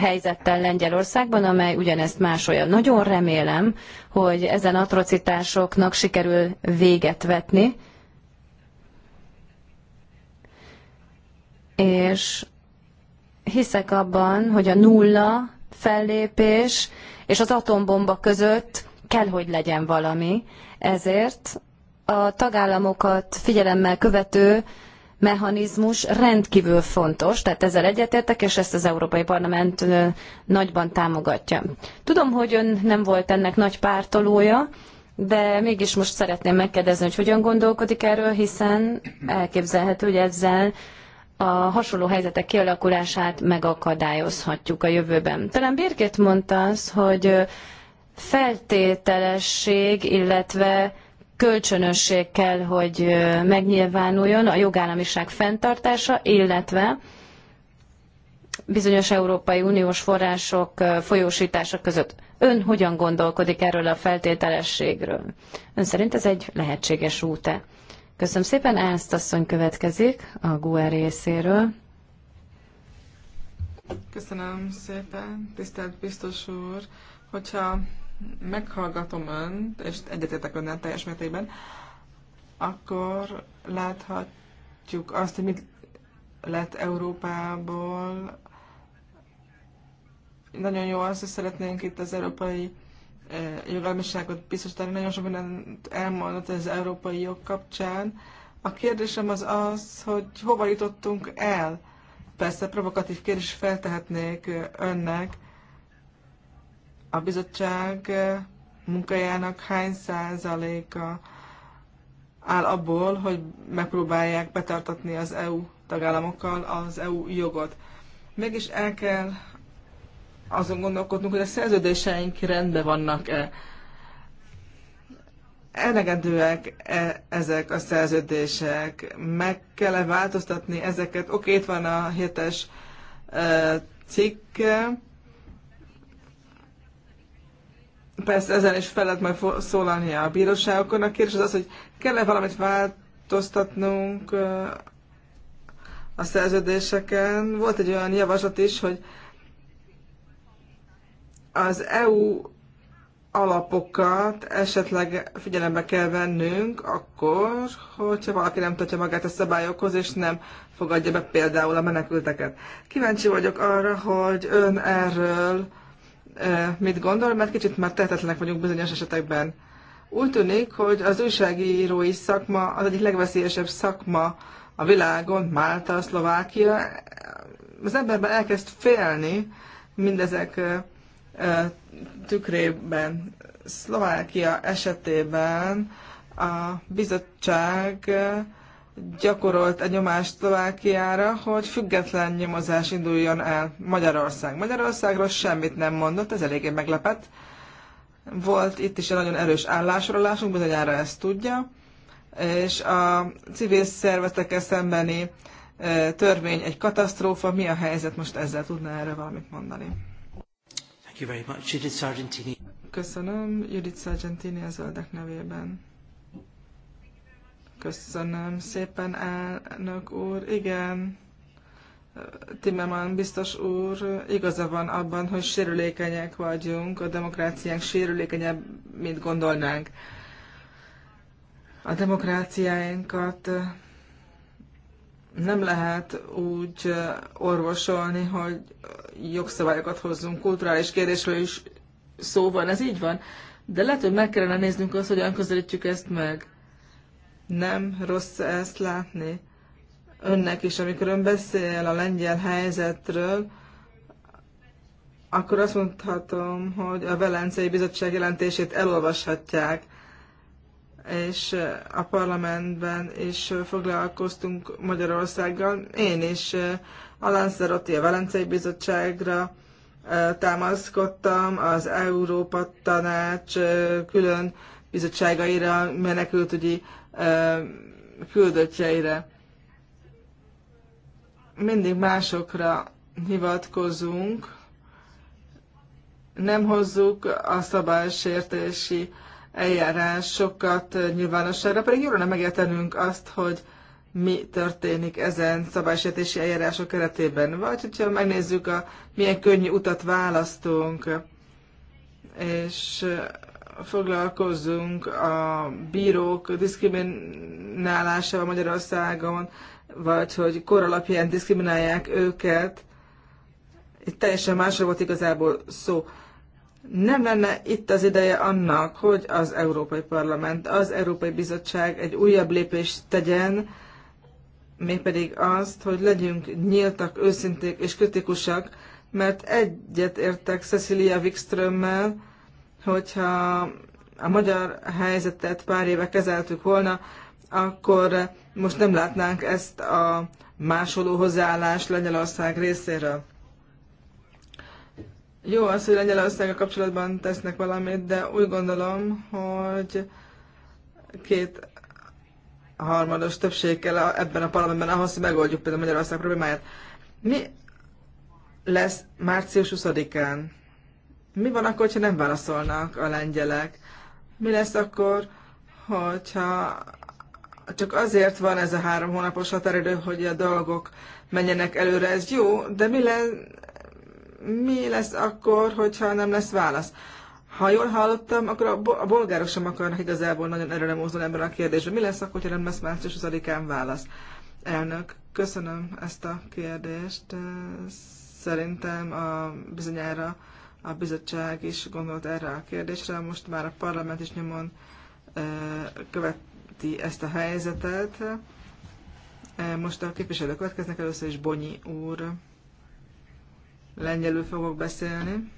Speaker 2: helyzettel Lengyelországban, amely ugyanezt másolja. Nagyon remélem, hogy ezen atrocitásoknak sikerül véget vetni, és hiszek abban, hogy a nulla fellépés és az atombomba között kell, hogy legyen valami. Ezért a tagállamokat figyelemmel követő mechanizmus rendkívül fontos, tehát ezzel egyetértek, és ezt az Európai Parlament nagyban támogatja. Tudom, hogy ön nem volt ennek nagy pártolója, de mégis most szeretném megkérdezni, hogy hogyan gondolkodik erről, hiszen elképzelhető, hogy ezzel a hasonló helyzetek kialakulását megakadályozhatjuk a jövőben. Talán Birgit mondta az, hogy feltételesség, illetve kölcsönösség kell, hogy megnyilvánuljon a jogállamiság fenntartása, illetve bizonyos Európai Uniós források folyósítása között. Ön hogyan gondolkodik erről a feltételességről? Ön szerint ez egy lehetséges út-e? Köszönöm szépen, Ernst asszony következik a GUE részéről.
Speaker 1: Köszönöm szépen, tisztelt biztos úr, hogyha meghallgatom önt, és egyetértek önnel teljes mértékben, akkor láthatjuk azt, hogy mit lett Európából. Nagyon jó az, hogy szeretnénk itt az Európai jogállamiságot biztosítani. Nagyon sok mindent elmondott az európai jog kapcsán. A kérdésem az az, hogy hova jutottunk el? Persze provokatív kérdés feltehetnék önnek. A bizottság munkájának hány százaléka áll abból, hogy megpróbálják betartatni az EU tagállamokkal az EU jogot. Mégis el kell azon gondolkodnunk, hogy a szerződéseink rendben vannak-e. Elegedőek -e ezek a szerződések? Meg kell-e változtatni ezeket? Oké, itt van a hétes cikk. Persze ezen is fel lehet majd szólalni a bíróságokon. A kérdés az az, hogy kell-e valamit változtatnunk a szerződéseken? Volt egy olyan javaslat is, hogy az EU alapokat esetleg figyelembe kell vennünk akkor, hogyha valaki nem tartja magát a szabályokhoz, és nem fogadja be például a menekülteket. Kíváncsi vagyok arra, hogy ön erről e, mit gondol, mert kicsit már tehetetlenek vagyunk bizonyos esetekben. Úgy tűnik, hogy az újságírói szakma az egyik legveszélyesebb szakma a világon, Málta, Szlovákia. Az emberben elkezd félni mindezek e, tükrében Szlovákia esetében a bizottság gyakorolt egy nyomást Szlovákiára, hogy független nyomozás induljon el Magyarország. Magyarországról semmit nem mondott, ez eléggé meglepett. Volt itt is egy nagyon erős állásorolásunk, bizonyára ezt tudja, és a civil szervezetekkel szembeni törvény egy katasztrófa. Mi a helyzet most ezzel? Tudná erre valamit mondani? you very much. Judith Sargentini. Köszönöm, Judith Sargentini az Öldek nevében. Köszönöm szépen, elnök úr. Igen, Timmerman biztos úr, igaza van abban, hogy sérülékenyek vagyunk, a demokráciánk sérülékenyebb, mint gondolnánk. A demokráciáinkat nem lehet úgy orvosolni, hogy jogszabályokat hozzunk, kulturális kérdésről is szó van, ez így van, de lehet, hogy meg kellene néznünk azt, hogyan közelítjük ezt meg. Nem rossz ezt látni. Önnek is, amikor ön beszél a lengyel helyzetről, akkor azt mondhatom, hogy a Velencei Bizottság jelentését elolvashatják és a parlamentben is foglalkoztunk Magyarországgal. Én is a Lanzarotti a Velencei Bizottságra támaszkodtam, az Európa Tanács külön bizottságaira, menekültügyi küldöttjeire. Mindig másokra hivatkozunk, nem hozzuk a szabálysértési eljárásokat nyilvánosságra, pedig jól lenne megértenünk azt, hogy mi történik ezen szabálysértési eljárások keretében. Vagy hogyha megnézzük, a, milyen könnyű utat választunk, és foglalkozzunk a bírók diszkriminálásával Magyarországon, vagy hogy kor alapján diszkriminálják őket. Itt teljesen másról, volt igazából szó nem lenne itt az ideje annak, hogy az Európai Parlament, az Európai Bizottság egy újabb lépést tegyen, mégpedig azt, hogy legyünk nyíltak, őszinték és kritikusak, mert egyet értek Cecilia Wikströmmel, hogyha a magyar helyzetet pár éve kezeltük volna, akkor most nem látnánk ezt a másoló hozzáállást Lengyelország részéről. Jó az, hogy Lengyelországgal kapcsolatban tesznek valamit, de úgy gondolom, hogy két harmados többség kell ebben a parlamentben ahhoz, hogy megoldjuk például Magyarország problémáját. Mi lesz március 20-án? Mi van akkor, ha nem válaszolnak a lengyelek? Mi lesz akkor, hogyha csak azért van ez a három hónapos határidő, hogy a dolgok menjenek előre, ez jó, de mi, lesz, mi lesz akkor, hogyha nem lesz válasz? Ha jól hallottam, akkor a bolgárok sem akarnak igazából nagyon erőre mozdulni ebben a kérdésben. Mi lesz akkor, ha nem lesz március 20-án válasz? Elnök, köszönöm ezt a kérdést. Szerintem a bizonyára a bizottság is gondolt erre a kérdésre, most már a parlament is nyomon követi ezt a helyzetet. Most a képviselők következnek, először is Bonyi úr lengyelül fogok beszélni.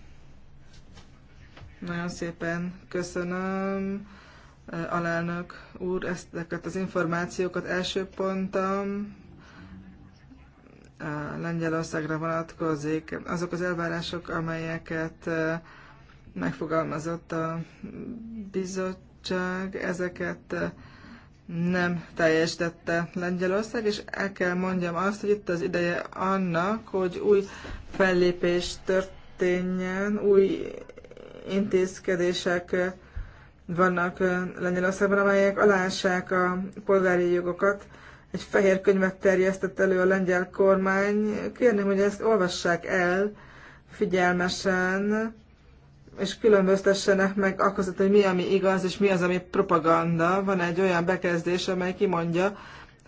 Speaker 1: Nagyon szépen köszönöm, eh, alelnök úr, ezeket az információkat. Első pontom eh, Lengyelországra vonatkozik. Azok az elvárások, amelyeket eh, megfogalmazott a bizottság, ezeket nem teljesítette Lengyelország, és el kell mondjam azt, hogy itt az ideje annak, hogy új fellépés történjen, új intézkedések vannak Lengyelországban, amelyek alássák a polgári jogokat. Egy fehér könyvet terjesztett elő a lengyel kormány. Kérném, hogy ezt olvassák el figyelmesen, és különböztessenek meg között, hogy mi, ami igaz, és mi az, ami propaganda. Van egy olyan bekezdés, amely kimondja,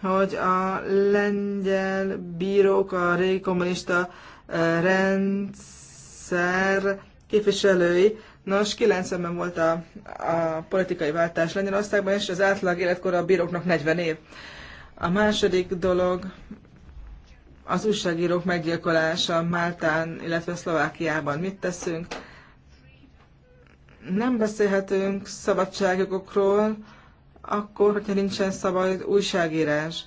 Speaker 1: hogy a lengyel bírók a régi kommunista eh, rendszer képviselői. Nos, 90-ben volt a, a politikai váltás Lengyelországban, és az átlag életkora a bíróknak 40 év. A második dolog az újságírók meggyilkolása Máltán, illetve Szlovákiában. Mit teszünk? nem beszélhetünk szabadságokról, akkor, hogyha nincsen szabad újságírás.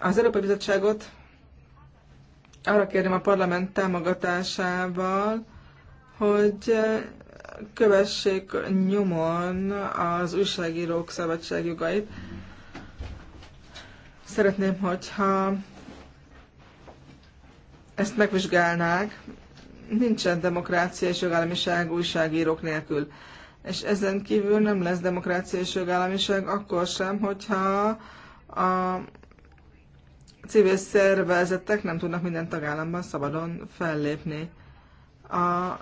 Speaker 1: Az Európai Bizottságot arra kérném a parlament támogatásával, hogy eh, kövessék nyomon az újságírók szabadságjogait. Szeretném, hogyha ezt megvizsgálnák, nincsen demokrácia és jogállamiság újságírók nélkül. És ezen kívül nem lesz demokrácia és jogállamiság akkor sem, hogyha a civil szervezetek nem tudnak minden tagállamban szabadon fellépni. A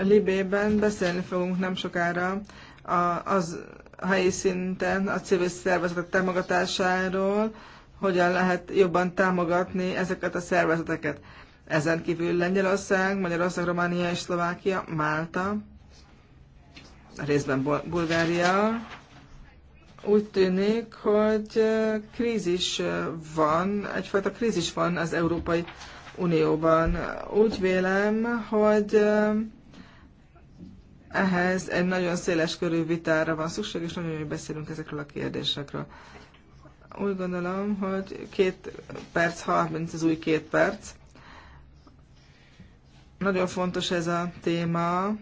Speaker 1: Libében beszélni fogunk nem sokára a, az helyi szinten a civil szervezetek támogatásáról, hogyan lehet jobban támogatni ezeket a szervezeteket. Ezen kívül Lengyelország, Magyarország, Románia és Szlovákia, Málta, részben Bulgária. Úgy tűnik, hogy krízis van, egyfajta krízis van az Európai Unióban. Úgy vélem, hogy ehhez egy nagyon széles körű vitára van szükség, és nagyon jól beszélünk ezekről a kérdésekről. Úgy gondolom, hogy két perc, 30 az új két perc. Nagyon fontos ez a téma.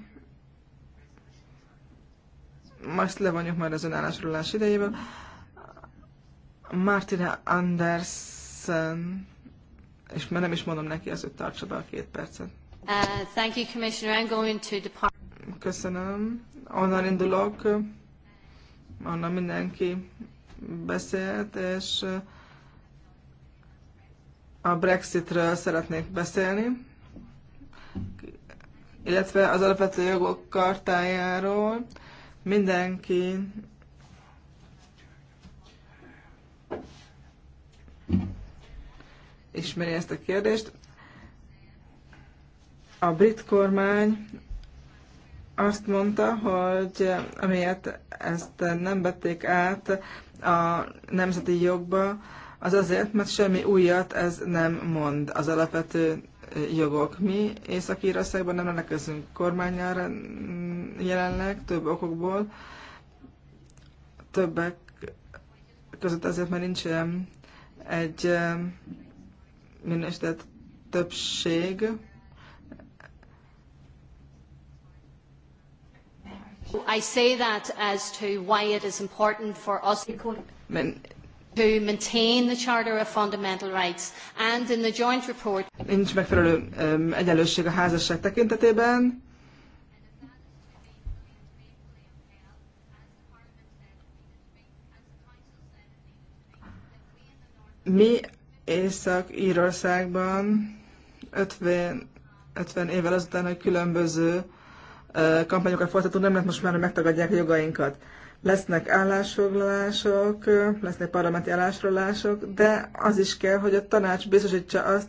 Speaker 1: Most levonjuk majd az önállásrólás idejében. Martina Andersen, és már nem is mondom neki, az, hogy tartsa be a két percet.
Speaker 2: Uh, thank you, Commissioner. I'm going to depart.
Speaker 1: Köszönöm. Onnan indulok, onnan mindenki beszélt, és uh, a Brexitről szeretnék beszélni illetve az alapvető jogok kartájáról. Mindenki ismeri ezt a kérdést. A brit kormány azt mondta, hogy amiért ezt nem vették át a nemzeti jogba, az azért, mert semmi újat ez nem mond az alapvető jogok. Mi Észak-Írországban nem rendelkezünk kormányára jelenleg több okokból, többek között azért, mert nincs egy minősített többség.
Speaker 2: I say that as to why it is important for us to maintain the Charter of Fundamental Rights and in the joint
Speaker 1: report. Nincs megfelelő um, egyenlőség a házasság tekintetében. Mi Észak-Írországban 50, 50 évvel azután, hogy különböző uh, kampányokat folytatunk, nem lehet most már, hogy megtagadják a jogainkat lesznek állásfoglalások, lesznek parlamenti állásfoglalások, de az is kell, hogy a tanács biztosítsa azt,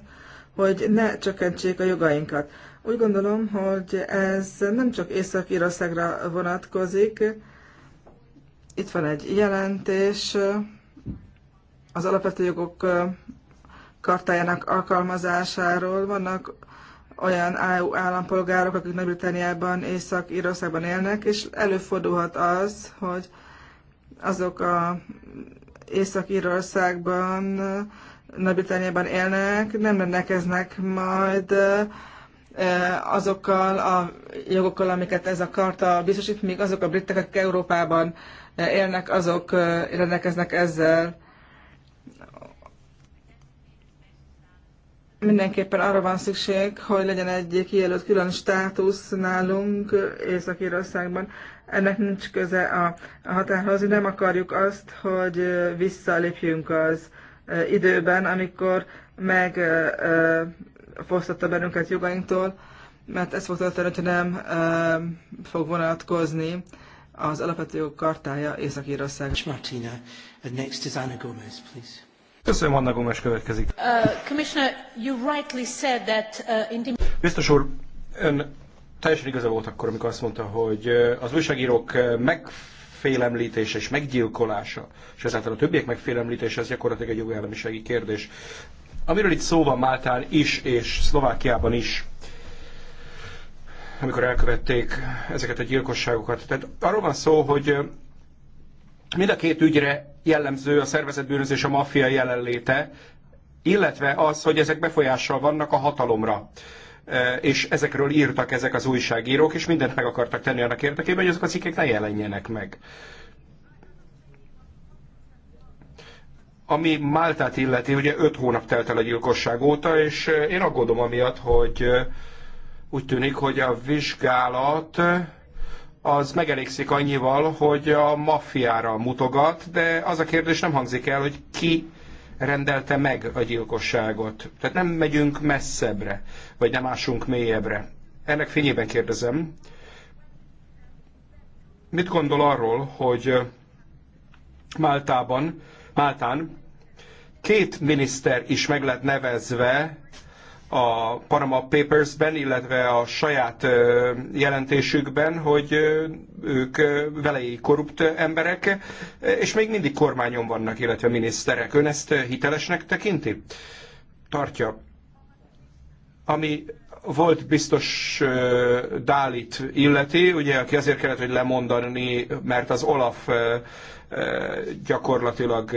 Speaker 1: hogy ne csökkentsék a jogainkat. Úgy gondolom, hogy ez nem csak Észak-Írországra vonatkozik. Itt van egy jelentés az alapvető jogok kartájának alkalmazásáról. Vannak olyan állampolgárok, akik nagy britanniában Észak-Írországban élnek, és előfordulhat az, hogy azok a Észak-Írországban, nagy britanniában élnek, nem rendelkeznek majd azokkal a jogokkal, amiket ez a karta biztosít, míg azok a britek, akik Európában élnek, azok rendelkeznek ezzel. mindenképpen arra van szükség, hogy legyen egy kijelölt külön státusz nálunk Észak-Írországban. Ennek nincs köze a, a határhoz. Nem akarjuk azt, hogy visszalépjünk az időben, amikor megfosztotta bennünket jogainktól, mert ez fog történni, hogy nem fog vonatkozni az alapvető jogok kartája Észak-Írország. Martina, uh, next is Anna Gomez, please.
Speaker 3: Köszönöm, Anna Gomes következik. Uh, Commissioner,
Speaker 2: you
Speaker 1: rightly said that, uh,
Speaker 3: Biztos úr, ön teljesen igaza volt akkor, amikor azt mondta, hogy uh, az újságírók megfélemlítése és meggyilkolása, és ezáltal a többiek megfélemlítése, ez gyakorlatilag egy jogállamisági kérdés. Amiről itt szó van Máltán is, és Szlovákiában is, amikor elkövették ezeket a gyilkosságokat. Tehát arról van szó, hogy Mind a két ügyre jellemző a szervezetbűnözés a maffia jelenléte, illetve az, hogy ezek befolyással vannak a hatalomra. E, és ezekről írtak ezek az újságírók, és mindent meg akartak tenni annak érdekében, hogy azok a cikkek ne jelenjenek meg. Ami Máltát illeti, ugye öt hónap telt el a gyilkosság óta, és e, én aggódom amiatt, hogy e, úgy tűnik, hogy a vizsgálat az megelégszik annyival, hogy a maffiára mutogat, de az a kérdés nem hangzik el, hogy ki rendelte meg a gyilkosságot. Tehát nem megyünk messzebbre, vagy nem ásunk mélyebbre. Ennek fényében kérdezem, mit gondol arról, hogy Máltában, Máltán két miniszter is meg lett nevezve a Panama Papers-ben, illetve a saját jelentésükben, hogy ők velei korrupt emberek, és még mindig kormányon vannak, illetve miniszterek. Ön ezt hitelesnek tekinti? Tartja. Ami volt biztos Dálit illeti, ugye, aki azért kellett, hogy lemondani, mert az Olaf gyakorlatilag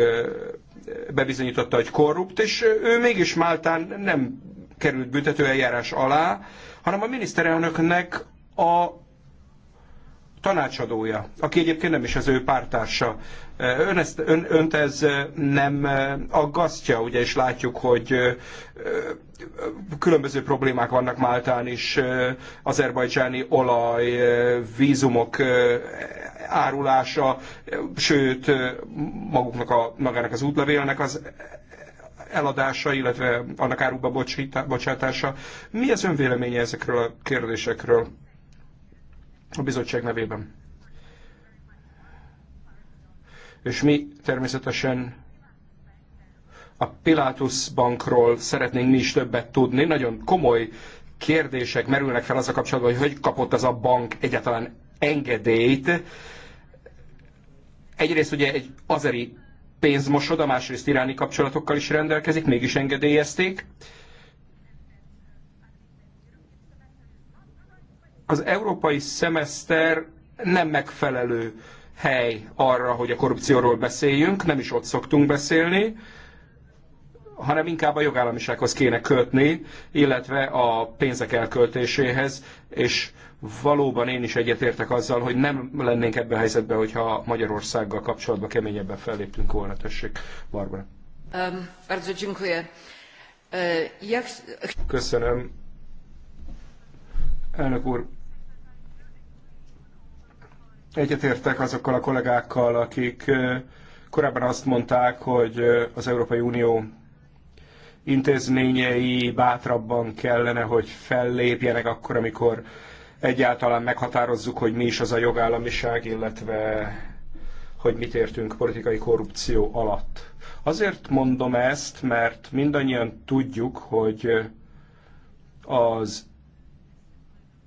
Speaker 3: bebizonyította, hogy korrupt, és ő mégis Máltán nem került büntetőeljárás alá, hanem a miniszterelnöknek a tanácsadója, aki egyébként nem is az ő pártársa. Ön ezt, ön, önt ez nem aggasztja, ugye, és látjuk, hogy különböző problémák vannak Máltán is, azerbajdzsáni olaj, vízumok árulása, sőt, maguknak a, magának az útlevélnek az eladása, illetve annak áruba bocsátása. Mi az önvéleménye véleménye ezekről a kérdésekről a bizottság nevében? És mi természetesen a Pilatus bankról szeretnénk mi is többet tudni. Nagyon komoly kérdések merülnek fel az a kapcsolatban, hogy hogy kapott ez a bank egyáltalán engedélyt. Egyrészt ugye egy azeri pénzmosod, a másrészt iráni kapcsolatokkal is rendelkezik, mégis engedélyezték. Az európai szemeszter nem megfelelő hely arra, hogy a korrupcióról beszéljünk, nem is ott szoktunk beszélni hanem inkább a jogállamisághoz kéne kötni, illetve a pénzek elköltéséhez, és valóban én is egyetértek azzal, hogy nem lennénk ebben a helyzetben, hogyha Magyarországgal kapcsolatban keményebben felléptünk volna. Tessék, Barbara.
Speaker 2: Um, bardzo dziękuję. E,
Speaker 3: Köszönöm. Elnök úr, egyetértek azokkal a kollégákkal, akik e, korábban azt mondták, hogy e, az Európai Unió intézményei bátrabban kellene, hogy fellépjenek akkor, amikor egyáltalán meghatározzuk, hogy mi is az a jogállamiság, illetve hogy mit értünk politikai korrupció alatt. Azért mondom ezt, mert mindannyian tudjuk, hogy az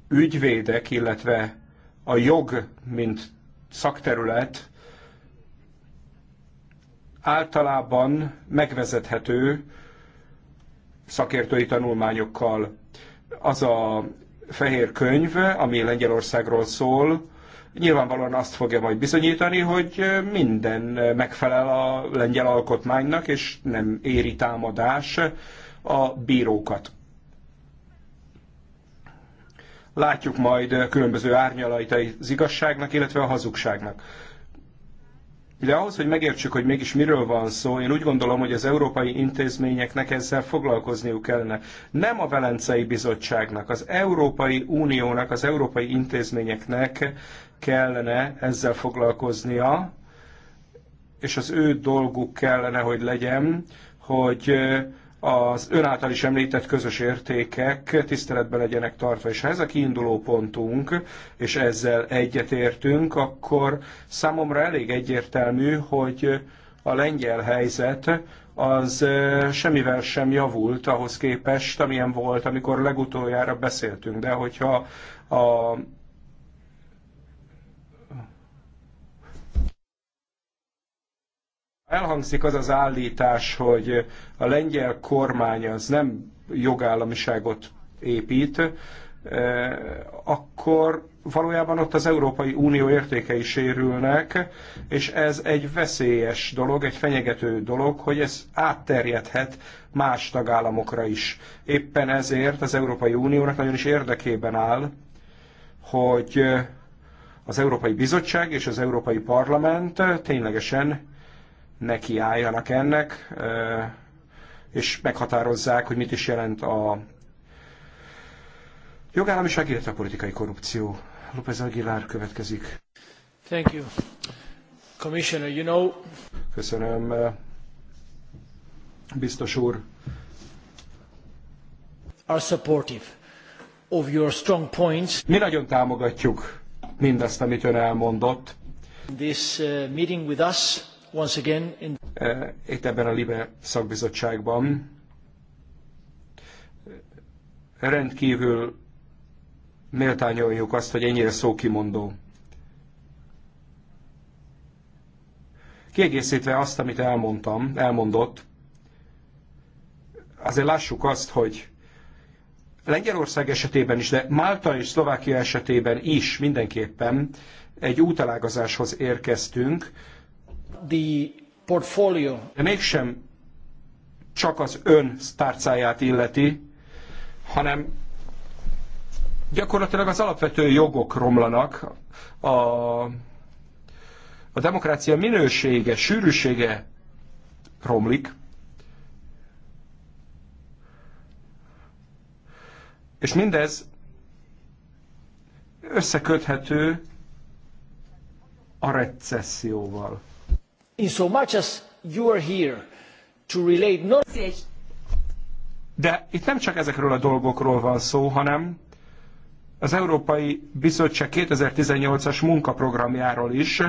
Speaker 3: ügyvédek, illetve a jog, mint szakterület általában megvezethető szakértői tanulmányokkal. Az a fehér könyv, ami Lengyelországról szól, nyilvánvalóan azt fogja majd bizonyítani, hogy minden megfelel a lengyel alkotmánynak, és nem éri támadás a bírókat. Látjuk majd különböző árnyalait az igazságnak, illetve a hazugságnak. De ahhoz, hogy megértsük, hogy mégis miről van szó, én úgy gondolom, hogy az európai intézményeknek ezzel foglalkozniuk kellene. Nem a Velencei Bizottságnak, az Európai Uniónak, az európai intézményeknek kellene ezzel foglalkoznia, és az ő dolguk kellene, hogy legyen, hogy az ön által is említett közös értékek tiszteletben legyenek tartva, és ha ez a kiinduló pontunk, és ezzel egyetértünk, akkor számomra elég egyértelmű, hogy a lengyel helyzet az semmivel sem javult ahhoz képest, amilyen volt, amikor legutoljára beszéltünk. De hogyha a elhangzik az az állítás, hogy a lengyel kormány az nem jogállamiságot épít, e, akkor valójában ott az Európai Unió értékei sérülnek, és ez egy veszélyes dolog, egy fenyegető dolog, hogy ez átterjedhet más tagállamokra is. Éppen ezért az Európai Uniónak nagyon is érdekében áll, hogy az Európai Bizottság és az Európai Parlament ténylegesen nekiálljanak ennek, és meghatározzák, hogy mit is jelent a jogállamiság, illetve a politikai korrupció. López Aguilar következik.
Speaker 1: Thank you. Commissioner, you know...
Speaker 3: Köszönöm, biztos úr. Are supportive of your strong points. Mi nagyon támogatjuk mindazt, amit ön elmondott. This uh, meeting with us
Speaker 1: once again in...
Speaker 3: E, itt ebben a LIBE szakbizottságban rendkívül méltányoljuk azt, hogy ennyire szókimondó. Kiegészítve azt, amit elmondtam, elmondott, azért lássuk azt, hogy Lengyelország esetében is, de Málta és Szlovákia esetében is mindenképpen egy útelágazáshoz érkeztünk, the portfolio. De mégsem csak az ön tárcáját illeti, hanem gyakorlatilag az alapvető jogok romlanak, a, a demokrácia minősége, sűrűsége romlik, és mindez összeköthető a recesszióval in so much as you are here to relate not... De itt nem csak ezekről a dolgokról van szó, hanem az Európai Bizottság 2018-as munkaprogramjáról is,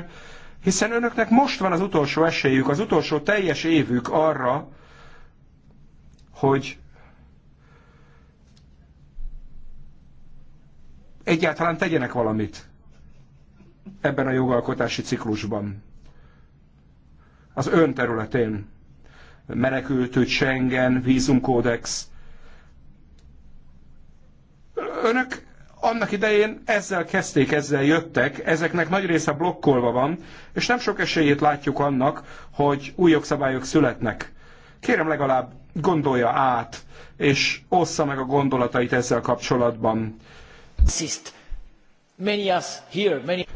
Speaker 3: hiszen önöknek most van az utolsó esélyük, az utolsó teljes évük arra, hogy egyáltalán tegyenek valamit ebben a jogalkotási ciklusban az ön területén. Menekültügy, Schengen, vízumkódex. Önök annak idején ezzel kezdték, ezzel jöttek, ezeknek nagy része blokkolva van, és nem sok esélyét látjuk annak, hogy új jogszabályok születnek. Kérem legalább gondolja át, és ossza meg a gondolatait ezzel kapcsolatban.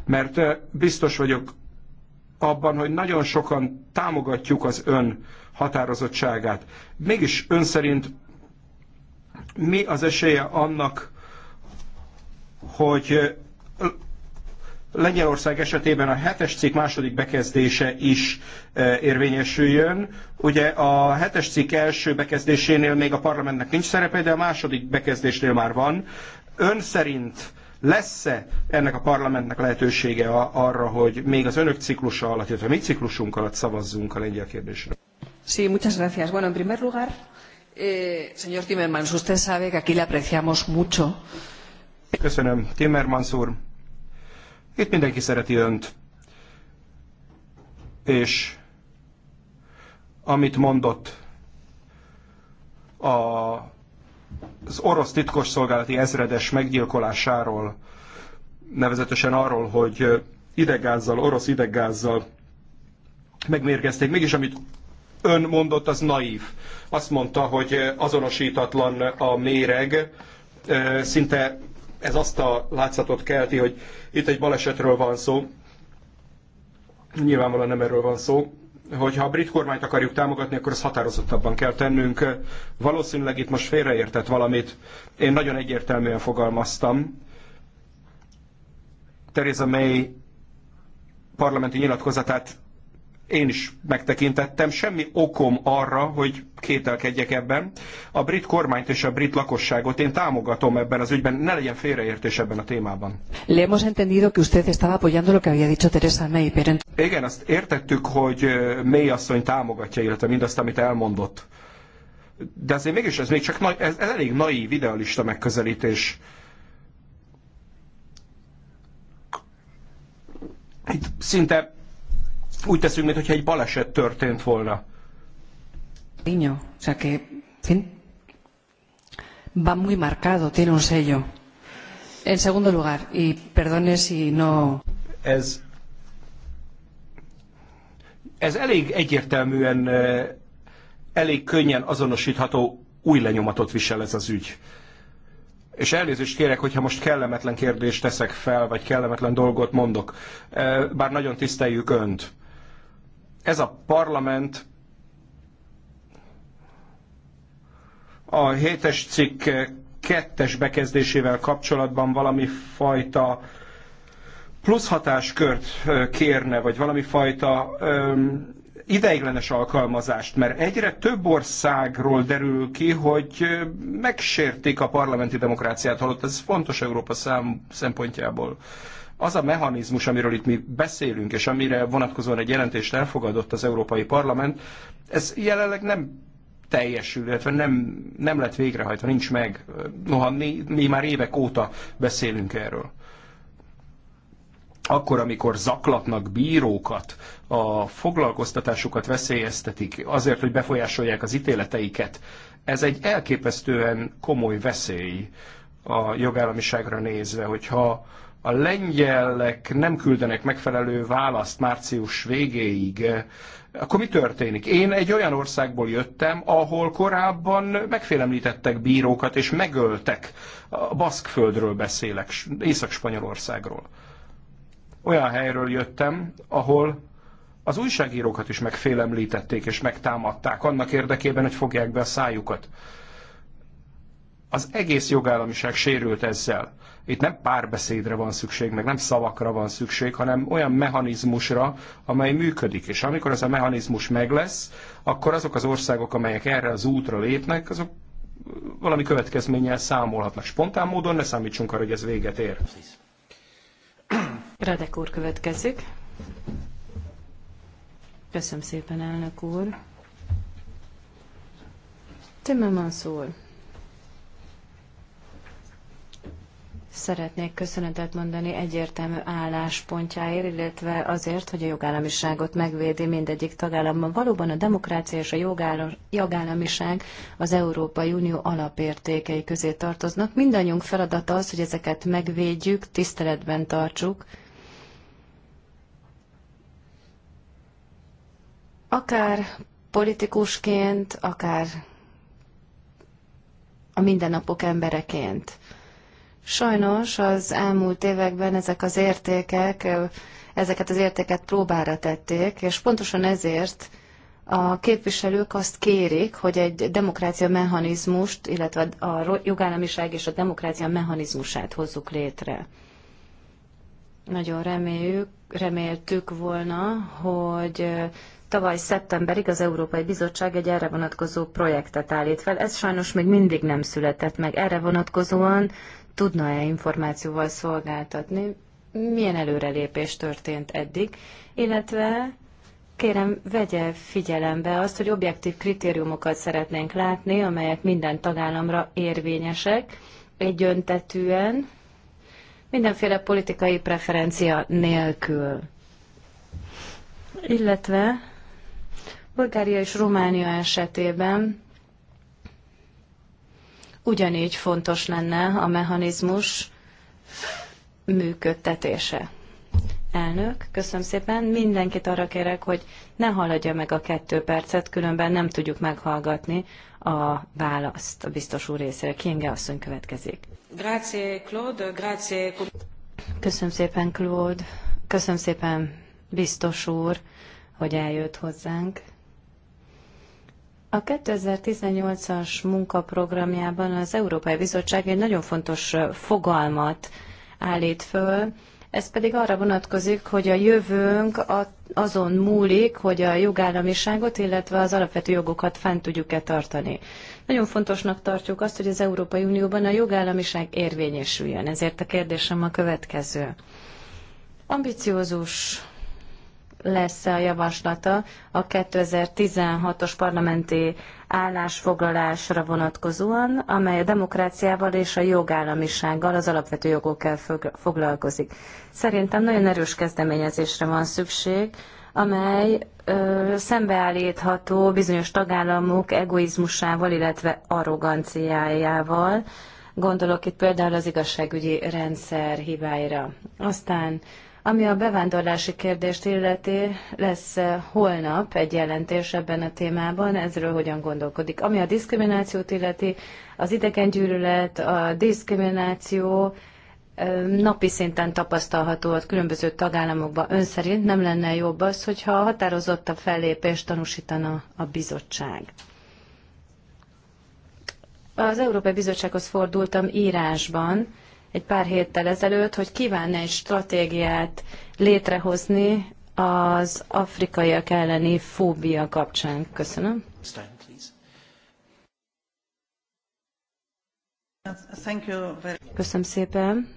Speaker 3: Mert eh, biztos vagyok abban, hogy nagyon sokan támogatjuk az ön határozottságát. Mégis ön szerint mi az esélye annak, hogy Lengyelország esetében a hetes cikk második bekezdése is e, érvényesüljön. Ugye a hetes cikk első bekezdésénél még a parlamentnek nincs szerepe, de a második bekezdésnél már van. Ön szerint lesz-e ennek a parlamentnek lehetősége arra, hogy még az önök ciklusa alatt, illetve a mi ciklusunk alatt szavazzunk a lengyel kérdésre?
Speaker 1: Sí, muchas gracias. Bueno, en primer lugar, eh, señor Timmermans, usted sabe que aquí le apreciamos mucho.
Speaker 3: Köszönöm, Timmermans úr. Itt mindenki szereti önt. És amit mondott a az orosz titkosszolgálati ezredes meggyilkolásáról, nevezetesen arról, hogy ideggázzal, orosz ideggázzal megmérgezték. Mégis, amit ön mondott, az naív. Azt mondta, hogy azonosítatlan a méreg, szinte ez azt a látszatot kelti, hogy itt egy balesetről van szó. Nyilvánvalóan nem erről van szó hogy ha a brit kormányt akarjuk támogatni, akkor ezt határozottabban kell tennünk. Valószínűleg itt most félreértett valamit. Én nagyon egyértelműen fogalmaztam. Theresa May parlamenti nyilatkozatát én is megtekintettem, semmi okom arra, hogy kételkedjek ebben. A brit kormányt és a brit lakosságot én támogatom ebben az ügyben, ne legyen félreértés ebben a témában.
Speaker 1: Le hemos entendido
Speaker 2: que usted estaba apoyando lo que había dicho Teresa May, pero...
Speaker 3: Igen, azt értettük, hogy May asszony támogatja, illetve mindazt, amit elmondott. De azért mégis ez még csak na... ez, ez elég naív, idealista megközelítés. Itt szinte úgy teszünk, mintha egy baleset történt volna.
Speaker 1: Niño, o sea que, fin,
Speaker 2: va muy marcado, tiene un sello. En segundo lugar, y perdone si
Speaker 3: no... Ez, ez elég egyértelműen, elég könnyen azonosítható új lenyomatot visel ez az ügy. És elnézést kérek, hogyha most kellemetlen kérdést teszek fel, vagy kellemetlen dolgot mondok, bár nagyon tiszteljük önt. Ez a parlament a hétes cikk kettes bekezdésével kapcsolatban valami fajta plusz hatáskört kérne, vagy valami fajta öm, ideiglenes alkalmazást, mert egyre több országról derül ki, hogy megsértik a parlamenti demokráciát, holott ez fontos Európa szám, szempontjából. Az a mechanizmus, amiről itt mi beszélünk, és amire vonatkozóan egy jelentést elfogadott az Európai Parlament, ez jelenleg nem teljesül, illetve nem, nem lett végrehajtva, nincs meg. Noha mi, mi már évek óta beszélünk erről akkor, amikor zaklatnak bírókat, a foglalkoztatásukat veszélyeztetik azért, hogy befolyásolják az ítéleteiket, ez egy elképesztően komoly veszély a jogállamiságra nézve, hogyha a lengyelek nem küldenek megfelelő választ március végéig, akkor mi történik? Én egy olyan országból jöttem, ahol korábban megfélemlítettek bírókat és megöltek. A Baszkföldről beszélek, Észak-Spanyolországról. Olyan helyről jöttem, ahol az újságírókat is megfélemlítették és megtámadták annak érdekében, hogy fogják be a szájukat. Az egész jogállamiság sérült ezzel. Itt nem párbeszédre van szükség, meg nem szavakra van szükség, hanem olyan mechanizmusra, amely működik. És amikor ez a mechanizmus meglesz, akkor azok az országok, amelyek erre az útra lépnek, azok valami következménnyel számolhatnak. Spontán módon ne számítsunk arra, hogy ez véget ér.
Speaker 2: Radek úr következik. Köszönöm szépen, elnök úr. Timmermans úr, Szeretnék köszönetet mondani egyértelmű álláspontjáért, illetve azért, hogy a jogállamiságot megvédi mindegyik tagállamban. Valóban a demokrácia és a jogállamiság az Európai Unió alapértékei közé tartoznak. Mindannyiunk feladata az, hogy ezeket megvédjük, tiszteletben tartsuk. Akár politikusként, akár a mindennapok embereként Sajnos az elmúlt években ezek az értékek, ezeket az értéket próbára tették, és pontosan ezért a képviselők azt kérik, hogy egy demokrácia mechanizmust, illetve a jogállamiság és a demokrácia mechanizmusát hozzuk létre. Nagyon reméljük, reméltük volna, hogy tavaly szeptemberig az Európai Bizottság egy erre vonatkozó projektet állít fel. Ez sajnos még mindig nem született meg. Erre vonatkozóan tudna-e információval szolgáltatni, milyen előrelépés történt eddig, illetve kérem, vegye figyelembe azt, hogy objektív kritériumokat szeretnénk látni, amelyek minden tagállamra érvényesek, egyöntetűen, mindenféle politikai preferencia nélkül. Illetve Bulgária és Románia esetében ugyanígy fontos lenne a mechanizmus működtetése. Elnök, köszönöm szépen. Mindenkit arra kérek, hogy ne haladja meg a kettő percet, különben nem tudjuk meghallgatni a választ a biztos úr részére. Kienge asszony következik.
Speaker 1: Grazie, Claude. Grazie.
Speaker 2: Köszönöm szépen, Claude. Köszönöm szépen, biztos úr, hogy eljött hozzánk. A 2018-as munkaprogramjában az Európai Bizottság egy nagyon fontos fogalmat állít föl, ez pedig arra vonatkozik, hogy a jövőnk azon múlik, hogy a jogállamiságot, illetve az alapvető jogokat fent tudjuk-e tartani. Nagyon fontosnak tartjuk azt, hogy az Európai Unióban a jogállamiság érvényesüljön. Ezért a kérdésem a következő. Ambiciózus lesz a javaslata a 2016-os parlamenti állásfoglalásra vonatkozóan, amely a demokráciával és a jogállamisággal, az alapvető jogokkal foglalkozik. Szerintem nagyon erős kezdeményezésre van szükség, amely ö, szembeállítható bizonyos tagállamok egoizmusával, illetve arroganciájával. Gondolok itt például az igazságügyi rendszer hibáira. Aztán ami a bevándorlási kérdést illeti, lesz eh, holnap egy jelentés ebben a témában, ezről hogyan gondolkodik. Ami a diszkriminációt illeti, az idegengyűlölet, a diszkrimináció eh, napi szinten tapasztalható a különböző tagállamokban. Ön szerint nem lenne jobb az, hogyha a fellépést tanúsítana a bizottság? Az Európai Bizottsághoz fordultam írásban, egy pár héttel ezelőtt, hogy kíván egy stratégiát létrehozni az afrikaiak elleni fóbia kapcsán. Köszönöm. Köszönöm szépen.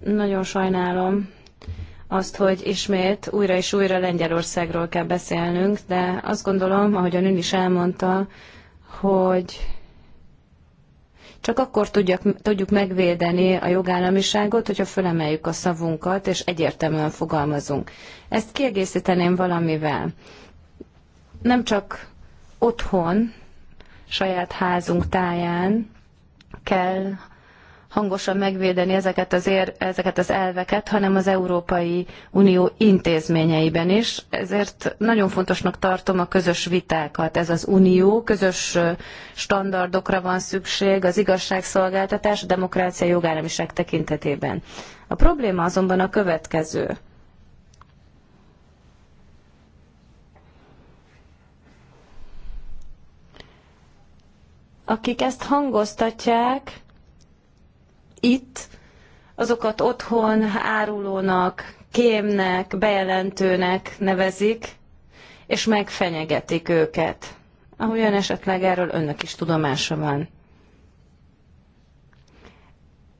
Speaker 2: Nagyon sajnálom azt, hogy ismét újra és újra Lengyelországról kell beszélnünk, de azt gondolom, ahogy ön is elmondta, hogy csak akkor tudjuk, tudjuk megvédeni a jogállamiságot, hogyha fölemeljük a szavunkat, és egyértelműen fogalmazunk. Ezt kiegészíteném valamivel. Nem csak otthon, saját házunk táján kell hangosan megvédeni ezeket az, ér, ezeket az elveket, hanem az Európai Unió intézményeiben is. Ezért nagyon fontosnak tartom a közös vitákat. Ez az unió, közös standardokra van szükség az igazságszolgáltatás, a demokrácia jogállamiság tekintetében. A probléma azonban a következő. akik ezt hangoztatják, itt, azokat otthon árulónak, kémnek, bejelentőnek nevezik, és megfenyegetik őket. Ahogyan esetleg erről önnek is tudomása van.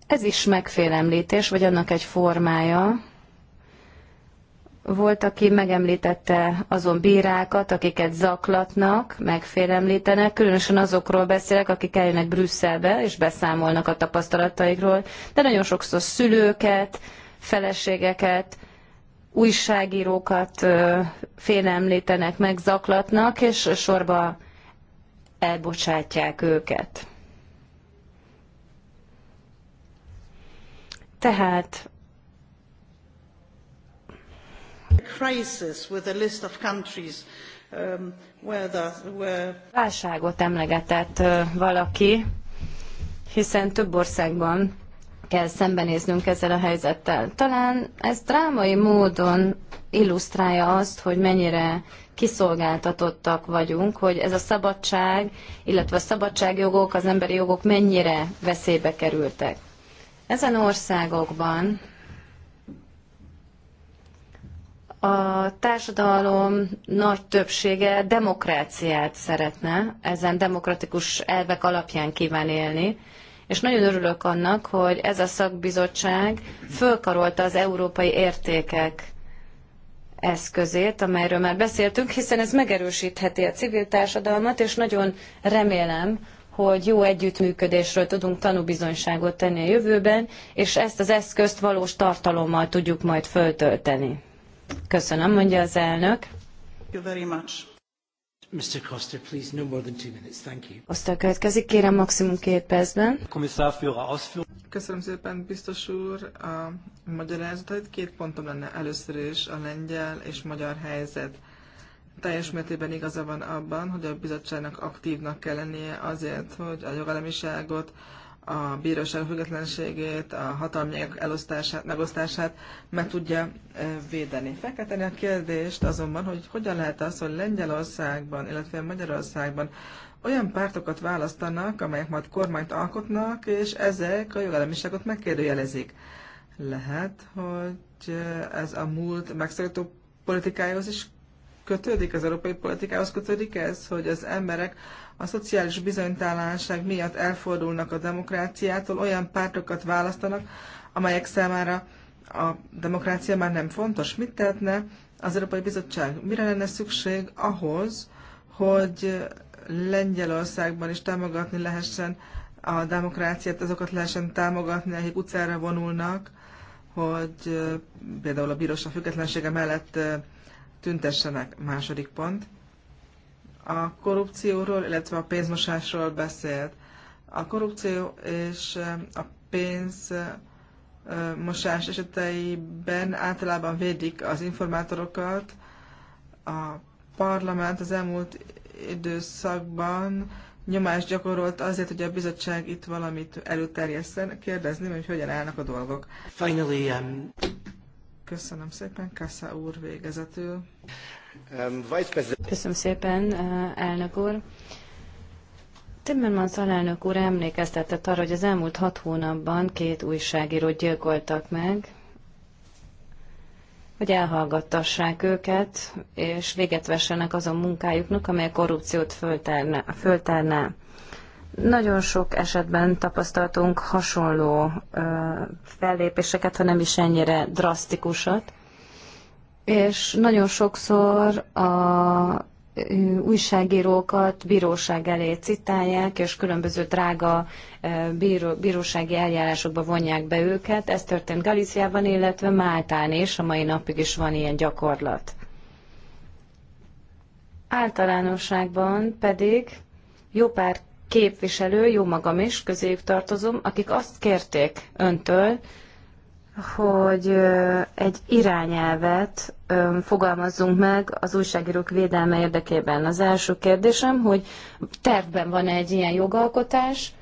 Speaker 2: Ez is megfélemlítés, vagy annak egy formája, volt, aki megemlítette azon bírákat, akiket zaklatnak, megfélemlítenek, különösen azokról beszélek, akik eljönnek Brüsszelbe, és beszámolnak a tapasztalataikról, de nagyon sokszor szülőket, feleségeket, újságírókat félemlítenek, megzaklatnak, és sorba elbocsátják őket. Tehát Um, Válságot emlegetett valaki, hiszen több országban kell szembenéznünk ezzel a helyzettel. Talán ez drámai módon illusztrálja azt, hogy mennyire kiszolgáltatottak vagyunk, hogy ez a szabadság, illetve a szabadságjogok, az emberi jogok mennyire veszélybe kerültek. Ezen országokban A társadalom nagy többsége demokráciát szeretne, ezen demokratikus elvek alapján kíván élni, és nagyon örülök annak, hogy ez a szakbizottság fölkarolta az európai értékek eszközét, amelyről már beszéltünk, hiszen ez megerősítheti a civil társadalmat, és nagyon remélem, hogy jó együttműködésről tudunk tanúbizonyságot tenni a jövőben, és ezt az eszközt valós tartalommal tudjuk majd föltölteni. Köszönöm, mondja az elnök.
Speaker 1: Mr. Costa, please, no more than
Speaker 2: Osztal következik, kérem maximum két percben.
Speaker 1: Köszönöm szépen, biztos úr, a magyarázatait. Két pontom lenne először is a lengyel és magyar helyzet. Teljes mértékben igaza van abban, hogy a bizottságnak aktívnak kell lennie azért, hogy a jogállamiságot a bíróság függetlenségét, a hatalmi elosztását, megosztását meg tudja védeni. Fel a kérdést azonban, hogy hogyan lehet az, hogy Lengyelországban, illetve Magyarországban olyan pártokat választanak, amelyek majd kormányt alkotnak, és ezek a jogállamiságot megkérdőjelezik. Lehet, hogy ez a múlt megszakító politikájához is kötődik, az európai politikához kötődik ez, hogy az emberek a szociális bizonytalanság miatt elfordulnak a demokráciától, olyan pártokat választanak, amelyek számára a demokrácia már nem fontos. Mit tehetne az Európai Bizottság? Mire lenne szükség ahhoz, hogy Lengyelországban is támogatni lehessen a demokráciát, azokat lehessen támogatni, akik utcára vonulnak, hogy például a bíróság függetlensége mellett tüntessenek. Második pont. A korrupcióról, illetve a pénzmosásról beszélt. A korrupció és eh, a pénzmosás eh, eseteiben általában védik az informátorokat. A parlament az elmúlt időszakban nyomást gyakorolt azért, hogy a bizottság itt valamit előterjeszten. Kérdezni, hogy hogyan állnak a dolgok. Finally, um... Köszönöm szépen, Kassa úr végezetül.
Speaker 2: Um, Köszönöm szépen, uh, elnök úr. Timmermans alelnök úr emlékeztetett arra, hogy az elmúlt hat hónapban két újságírót gyilkoltak meg, hogy elhallgattassák őket, és véget vessenek azon munkájuknak, amely a korrupciót föltárná. föltárná. Nagyon sok esetben tapasztaltunk hasonló fellépéseket, ha nem is ennyire drasztikusat. És nagyon sokszor a újságírókat bíróság elé citálják, és különböző drága bíró, bírósági eljárásokba vonják be őket. Ez történt Galíciában, illetve Máltán is, a mai napig is van ilyen gyakorlat. Általánosságban pedig jó pár képviselő, jó magam is, közéjük tartozom, akik azt kérték öntől, hogy egy irányelvet fogalmazzunk meg az újságírók védelme érdekében. Az első kérdésem, hogy tervben van -e egy ilyen jogalkotás,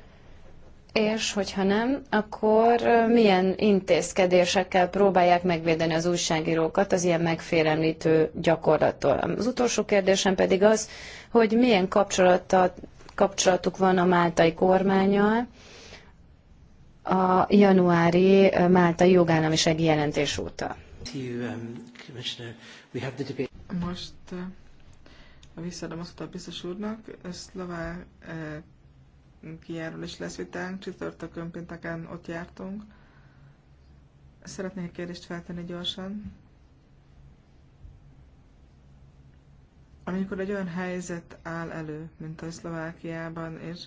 Speaker 2: és hogyha nem, akkor milyen intézkedésekkel próbálják megvédeni az újságírókat az ilyen megfélemlítő gyakorlattól? Az utolsó kérdésem pedig az, hogy milyen kapcsolattal kapcsolatuk van a máltai kormányjal. a januári máltai jogállamisági jelentés óta.
Speaker 1: Um, Most visszaadom azt a biztos úrnak, szlovák kiáról is lesz vitánk, csütörtökön pénteken ott jártunk. Szeretnék egy kérdést feltenni gyorsan. amikor egy olyan helyzet áll elő, mint a Szlovákiában, és,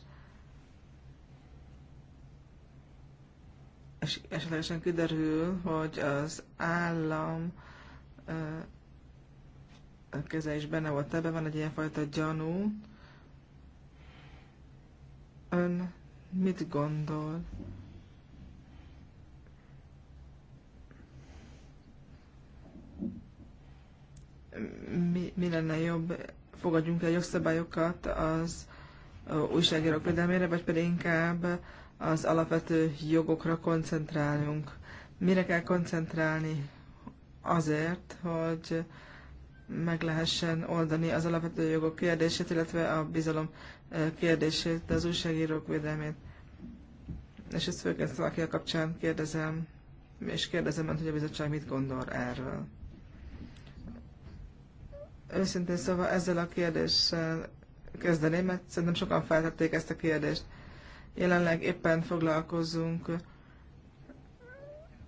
Speaker 1: és esetlegesen kiderül, hogy az állam a keze is benne volt ebben, van egy ilyenfajta gyanú. Ön mit gondol mi, mi lenne jobb, fogadjunk el jogszabályokat az újságírók védelmére, vagy pedig inkább az alapvető jogokra koncentráljunk. Mire kell koncentrálni azért, hogy meg lehessen oldani az alapvető jogok kérdését, illetve a bizalom kérdését, az újságírók védelmét. És ezt főként a kapcsán kérdezem, és kérdezem hogy a bizottság mit gondol erről. Őszintén szóval ezzel a kérdéssel kezdeném, mert szerintem sokan feltették ezt a kérdést. Jelenleg éppen foglalkozunk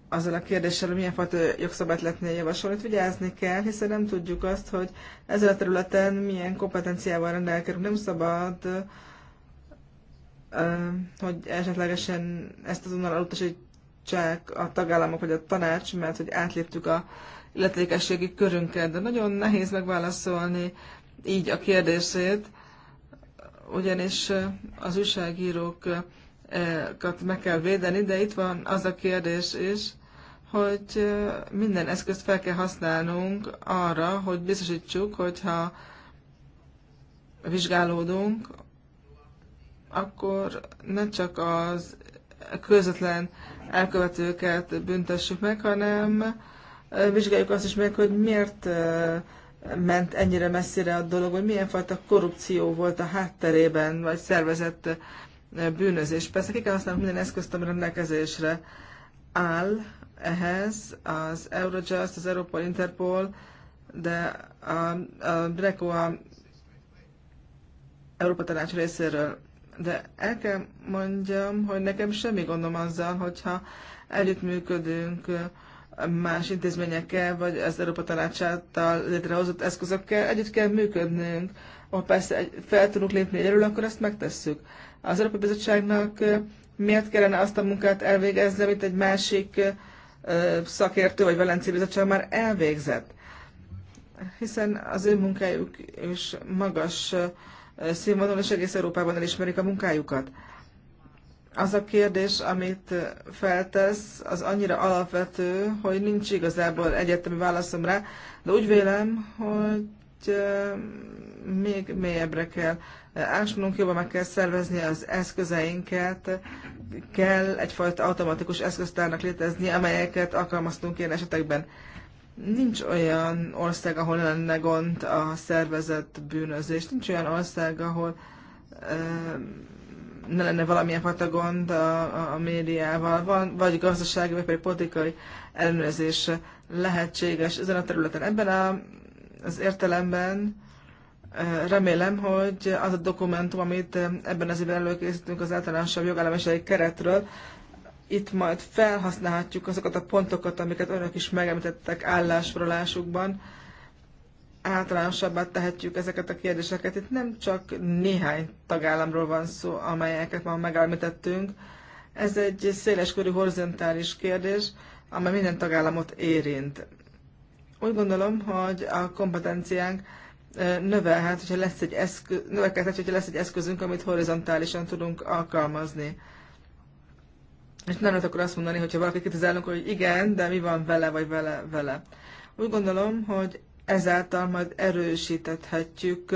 Speaker 1: azzal a kérdéssel, hogy milyen fajta jogszabályt lehetne javasolni. vigyázni kell, hiszen nem tudjuk azt, hogy ezzel a területen milyen kompetenciával rendelkezünk. Nem szabad, hogy esetlegesen ezt azonnal elutasítsák a tagállamok vagy a tanács, mert hogy átléptük a illetékességi körünket, de nagyon nehéz megválaszolni így a kérdését, ugyanis az újságírókat meg kell védeni, de itt van az a kérdés is, hogy minden eszközt fel kell használnunk arra, hogy biztosítsuk, hogyha vizsgálódunk, akkor ne csak az közvetlen elkövetőket büntessük meg, hanem vizsgáljuk azt is meg, hogy miért ment ennyire messzire a dolog, hogy milyen fajta korrupció volt a hátterében, vagy szervezett bűnözés. Persze ki kell használni minden eszközt, ami rendelkezésre áll ehhez, az Eurojust, az Europol, Interpol, de a, a Greco a Európa Tanács részéről. De el kell mondjam, hogy nekem semmi gondom azzal, hogyha együttműködünk működünk más intézményekkel, vagy az Európa Tanácsától létrehozott eszközökkel együtt kell működnünk. Ha persze fel tudunk lépni egyelől, akkor ezt megtesszük. Az Európai Bizottságnak miért kellene azt a munkát elvégezni, amit egy másik szakértő vagy Valenci Bizottság már elvégzett? Hiszen az ő munkájuk is magas színvonalon, és egész Európában elismerik a munkájukat az a kérdés, amit feltesz, az annyira alapvető, hogy nincs igazából egyetemi válaszom rá, de úgy vélem, hogy még mélyebbre kell ásnunk, jobban meg kell szervezni az eszközeinket, kell egyfajta automatikus eszköztárnak létezni, amelyeket alkalmaztunk ilyen esetekben. Nincs olyan ország, ahol lenne gond a szervezett bűnözés, nincs olyan ország, ahol ne lenne valamilyen fajta gond a, a, a médiával, van, vagy gazdasági, vagy pedig politikai ellenőrzés lehetséges ezen a területen. Ebben a, az értelemben remélem, hogy az a dokumentum, amit ebben az évben előkészítünk az általánosabb jogállamisági keretről, itt majd felhasználhatjuk azokat a pontokat, amiket önök is megemlítettek állásfoglalásukban, általánosabbat tehetjük ezeket a kérdéseket. Itt nem csak néhány tagállamról van szó, amelyeket már megállapítettünk. Ez egy széleskörű horizontális kérdés, amely minden tagállamot érint. Úgy gondolom, hogy a kompetenciánk növelhet, hogyha lesz egy eszköz, növekedhet, hogyha lesz egy eszközünk, amit horizontálisan tudunk alkalmazni. És nem lehet akkor azt mondani, hogyha valaki kritizálunk, hogy igen, de mi van vele, vagy vele, vele. Úgy gondolom, hogy ezáltal majd erősíthetjük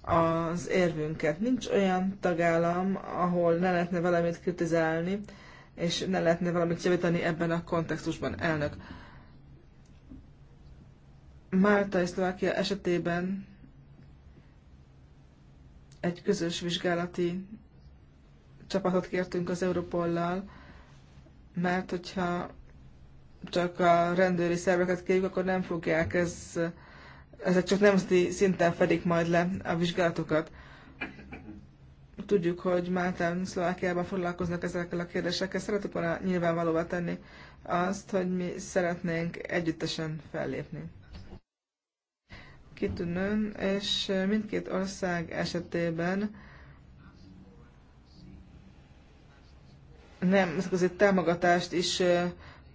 Speaker 1: az érvünket. Nincs olyan tagállam, ahol ne lehetne valamit kritizálni, és ne lehetne valamit javítani ebben a kontextusban, elnök. Málta és Szlovákia esetében egy közös vizsgálati csapatot kértünk az Europollal, mert hogyha csak a rendőri szerveket kérjük, akkor nem fogják, ez, ezek csak nemzeti szinten fedik majd le a vizsgálatokat. Tudjuk, hogy Máltán, Szlovákiában foglalkoznak ezekkel a kérdésekkel. Szeretek volna nyilvánvalóvá tenni azt, hogy mi szeretnénk együttesen fellépni. Kitűnőn, és mindkét ország esetében nem ez azért támogatást is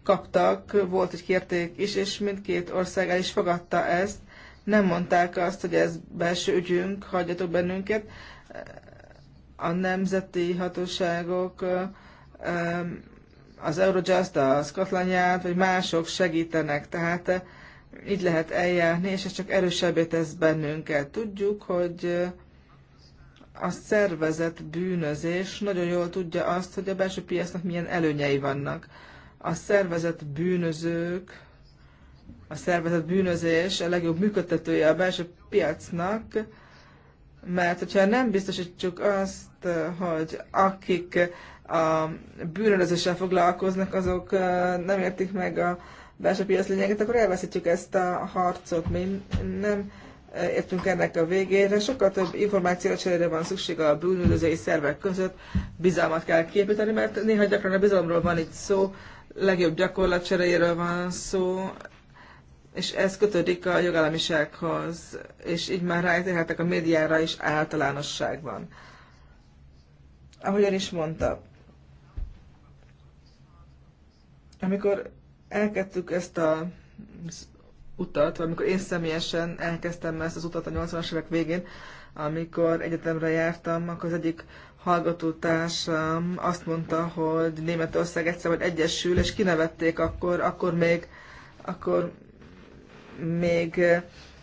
Speaker 1: kaptak, volt, hogy kérték is, és mindkét ország el is fogadta ezt. Nem mondták azt, hogy ez belső ügyünk, hagyjatok bennünket. A nemzeti hatóságok, az Eurojust, a Scotland vagy mások segítenek, tehát így lehet eljárni, és ez csak erősebbé tesz bennünket. Tudjuk, hogy a szervezet bűnözés nagyon jól tudja azt, hogy a belső piacnak milyen előnyei vannak a szervezet bűnözők, a szervezet bűnözés a legjobb működtetője a belső piacnak, mert hogyha nem biztosítjuk azt, hogy akik a bűnözéssel foglalkoznak, azok nem értik meg a belső piac lényeget, akkor elveszítjük ezt a harcot. Mi nem értünk ennek a végére. Sokkal több információra cserére van szükség a bűnözői szervek között. Bizalmat kell képíteni, mert néha gyakran a bizalomról van itt szó, legjobb gyakorlat van szó, és ez kötődik a jogállamisághoz, és így már rájtérhetek a médiára is általánosságban. Ahogyan is mondta, amikor elkezdtük ezt a utat, vagy amikor én személyesen elkezdtem ezt az utat a 80-as évek végén, amikor egyetemre jártam, akkor az egyik hallgatótársam azt mondta, hogy Németország egyszer vagy egyesül, és kinevették akkor, akkor még, akkor még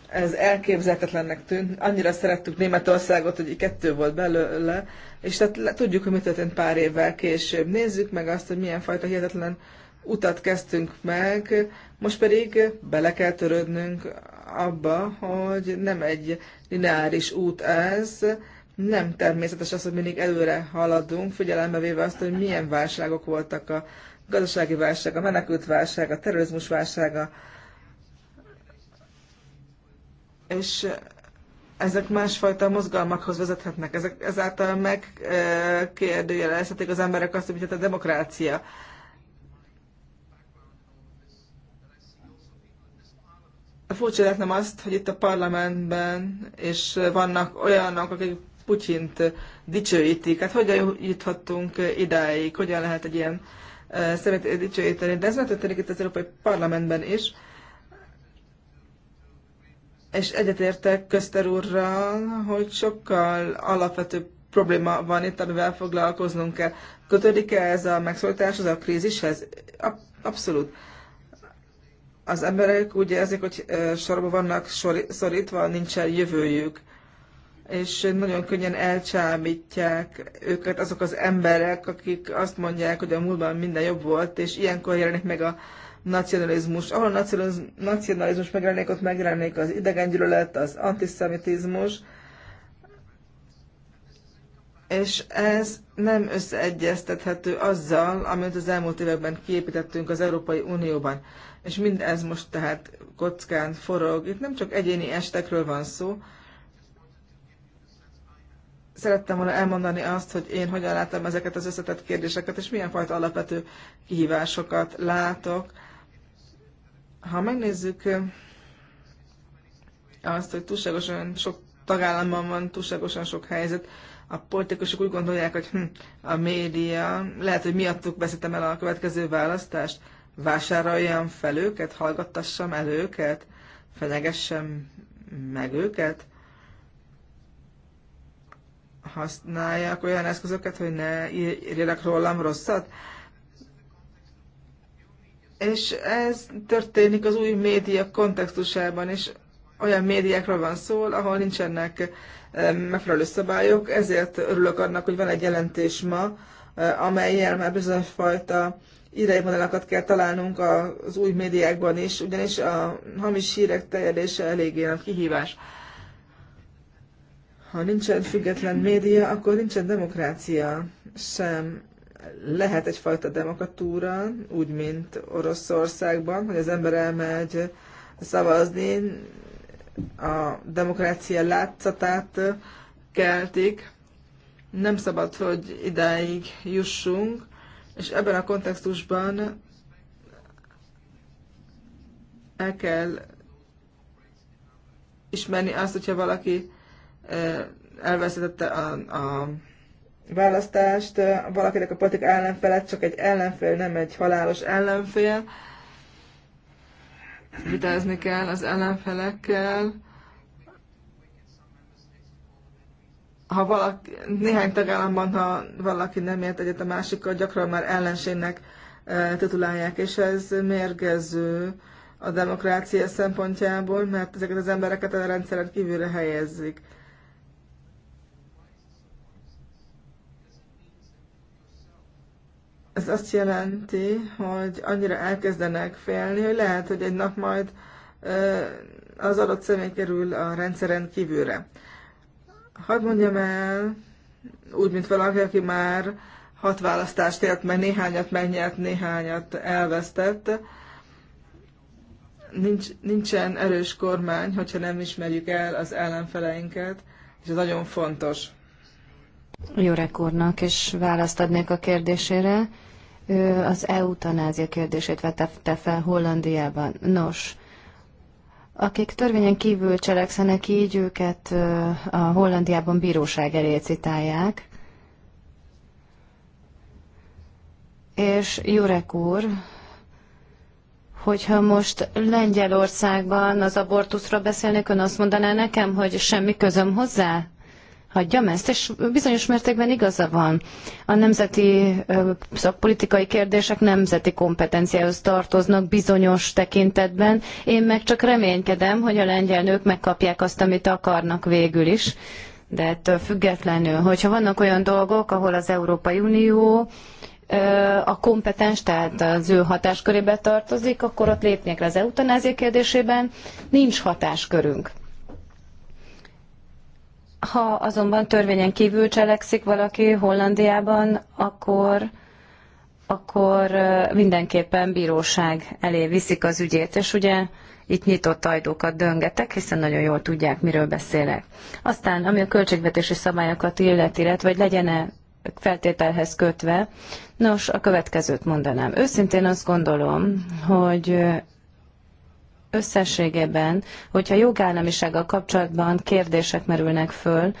Speaker 1: ez elképzelhetetlennek tűnt. Annyira szerettük Németországot, hogy kettő volt belőle, és tehát tudjuk, hogy mi történt pár évvel később. Nézzük meg azt, hogy milyen fajta hihetetlen utat kezdtünk meg, most pedig bele kell törődnünk abba, hogy nem egy lineáris út ez, nem természetes az, hogy mindig előre haladunk, figyelembe véve azt, hogy milyen válságok voltak a gazdasági válság, a menekült válság, a terrorizmus válsága, és ezek másfajta mozgalmakhoz vezethetnek. Ezek, ezáltal megkérdőjelezhetik az emberek azt, hogy a demokrácia. A furcsa nem azt, hogy itt a parlamentben, és vannak olyanok, akik Putyint dicsőítik. Hát hogyan juthattunk idáig? Hogyan lehet egy ilyen szemét dicsőíteni? De ez megtörténik itt az Európai Parlamentben is. És egyetértek Köszter úrral, hogy sokkal alapvetőbb probléma van itt, amivel foglalkoznunk kell. Kötődik-e ez a megszólításhoz, a krízishez? Abszolút az emberek úgy érzik, hogy sorba vannak szorítva, nincsen jövőjük és nagyon könnyen elcsábítják őket azok az emberek, akik azt mondják, hogy a múltban minden jobb volt, és ilyenkor jelenik meg a nacionalizmus. Ahol a nacionalizmus megjelenik, ott megjelenik az idegengyűlölet, az antiszemitizmus, és ez nem összeegyeztethető azzal, amit az elmúlt években kiépítettünk az Európai Unióban. És mindez most tehát kockán forog. Itt nem csak egyéni estekről van szó, szerettem volna elmondani azt, hogy én hogyan látom ezeket az összetett kérdéseket, és milyen fajta alapvető kihívásokat látok. Ha megnézzük azt, hogy túlságosan sok tagállamban van túlságosan sok helyzet, a politikusok úgy gondolják, hogy hm, a média, lehet, hogy miattuk beszéltem el a következő választást, vásároljam fel őket, hallgattassam el őket, fenyegessem meg őket használják olyan eszközöket, hogy ne írjanak rólam rosszat. És ez történik az új média kontextusában is. Olyan médiákról van szó, ahol nincsenek megfelelő szabályok, ezért örülök annak, hogy van egy jelentés ma, e, amelyel már bizonyos fajta irányvonalakat kell találnunk az új médiákban is, ugyanis a hamis hírek terjedése eléggé nagy kihívás. Ha nincsen független média, akkor nincsen demokrácia sem. Lehet egyfajta demokratúra, úgy, mint Oroszországban, hogy az ember elmegy szavazni, a demokrácia látszatát keltik. Nem szabad, hogy idáig jussunk, és ebben a kontextusban el kell ismerni azt, hogyha valaki elveszítette a, a választást, valakinek a politik ellenfelet, csak egy ellenfél, nem egy halálos ellenfél. Vitázni kell az ellenfelekkel. Ha valaki, néhány tagállamban, ha valaki nem ért egyet a másikkal, gyakran már ellenségnek titulálják, és ez mérgező a demokrácia szempontjából, mert ezeket az embereket a rendszeren kívülre helyezik Ez azt jelenti, hogy annyira elkezdenek félni, hogy lehet, hogy egy nap majd az adott személy kerül a rendszeren kívülre. Hadd mondjam el, úgy, mint valaki, aki már hat választást élt meg, néhányat megnyert, néhányat elvesztett, nincs, nincsen erős kormány, hogyha nem ismerjük el az ellenfeleinket, és ez nagyon fontos.
Speaker 2: Jó rekordnak, és választ adnék a kérdésére az eutanázia kérdését vetette fel Hollandiában. Nos, akik törvényen kívül cselekszenek így, őket a Hollandiában bíróság elé citálják. És Jurek úr, hogyha most Lengyelországban az abortuszra beszélnék, ön azt mondaná nekem, hogy semmi közöm hozzá? hagyjam ezt, és bizonyos mértékben igaza van. A nemzeti szakpolitikai kérdések nemzeti kompetenciához tartoznak bizonyos tekintetben. Én meg csak reménykedem, hogy a lengyel nők megkapják azt, amit akarnak végül is. De ettől függetlenül, hogyha vannak olyan dolgok, ahol az Európai Unió a kompetens, tehát az ő hatáskörébe tartozik, akkor ott lépnék le az eutanázia kérdésében, nincs hatáskörünk. Ha azonban törvényen kívül cselekszik valaki Hollandiában, akkor akkor mindenképpen bíróság elé viszik az ügyét, és ugye itt nyitott ajtókat döngetek, hiszen nagyon jól tudják, miről beszélek. Aztán, ami a költségvetési szabályokat illeti, illetve hogy legyen-e feltételhez kötve, nos, a következőt mondanám. Őszintén azt gondolom, hogy összességében, hogyha jogállamisággal kapcsolatban kérdések merülnek föl,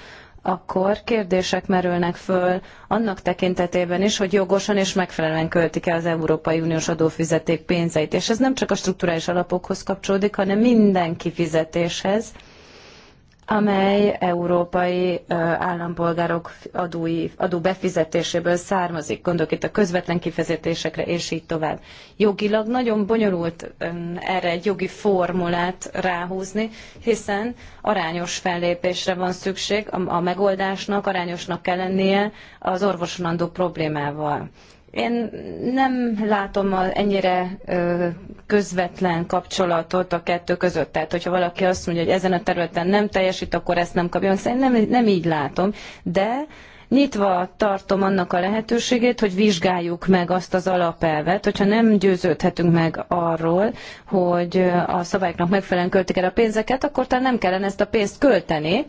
Speaker 2: akkor kérdések merülnek föl annak tekintetében is, hogy jogosan és megfelelően költik el az Európai Uniós adófizeték pénzeit. És ez nem csak a strukturális alapokhoz kapcsolódik, hanem minden kifizetéshez amely európai állampolgárok adói, adó befizetéséből származik, gondolok itt a közvetlen kifizetésekre, és így tovább. Jogilag nagyon bonyolult erre egy jogi formulát ráhúzni, hiszen arányos fellépésre van szükség, a megoldásnak arányosnak kell lennie az orvosonandó problémával. Én nem látom a, ennyire közvetlen kapcsolatot a kettő között. Tehát, hogyha valaki azt mondja, hogy ezen a területen nem teljesít, akkor ezt nem kapja. én nem, nem így látom, de nyitva tartom annak a lehetőségét, hogy vizsgáljuk meg azt az alapelvet, hogyha nem győződhetünk meg arról, hogy a szabályoknak megfelelően költik el a pénzeket, akkor talán nem kellene ezt a pénzt költeni,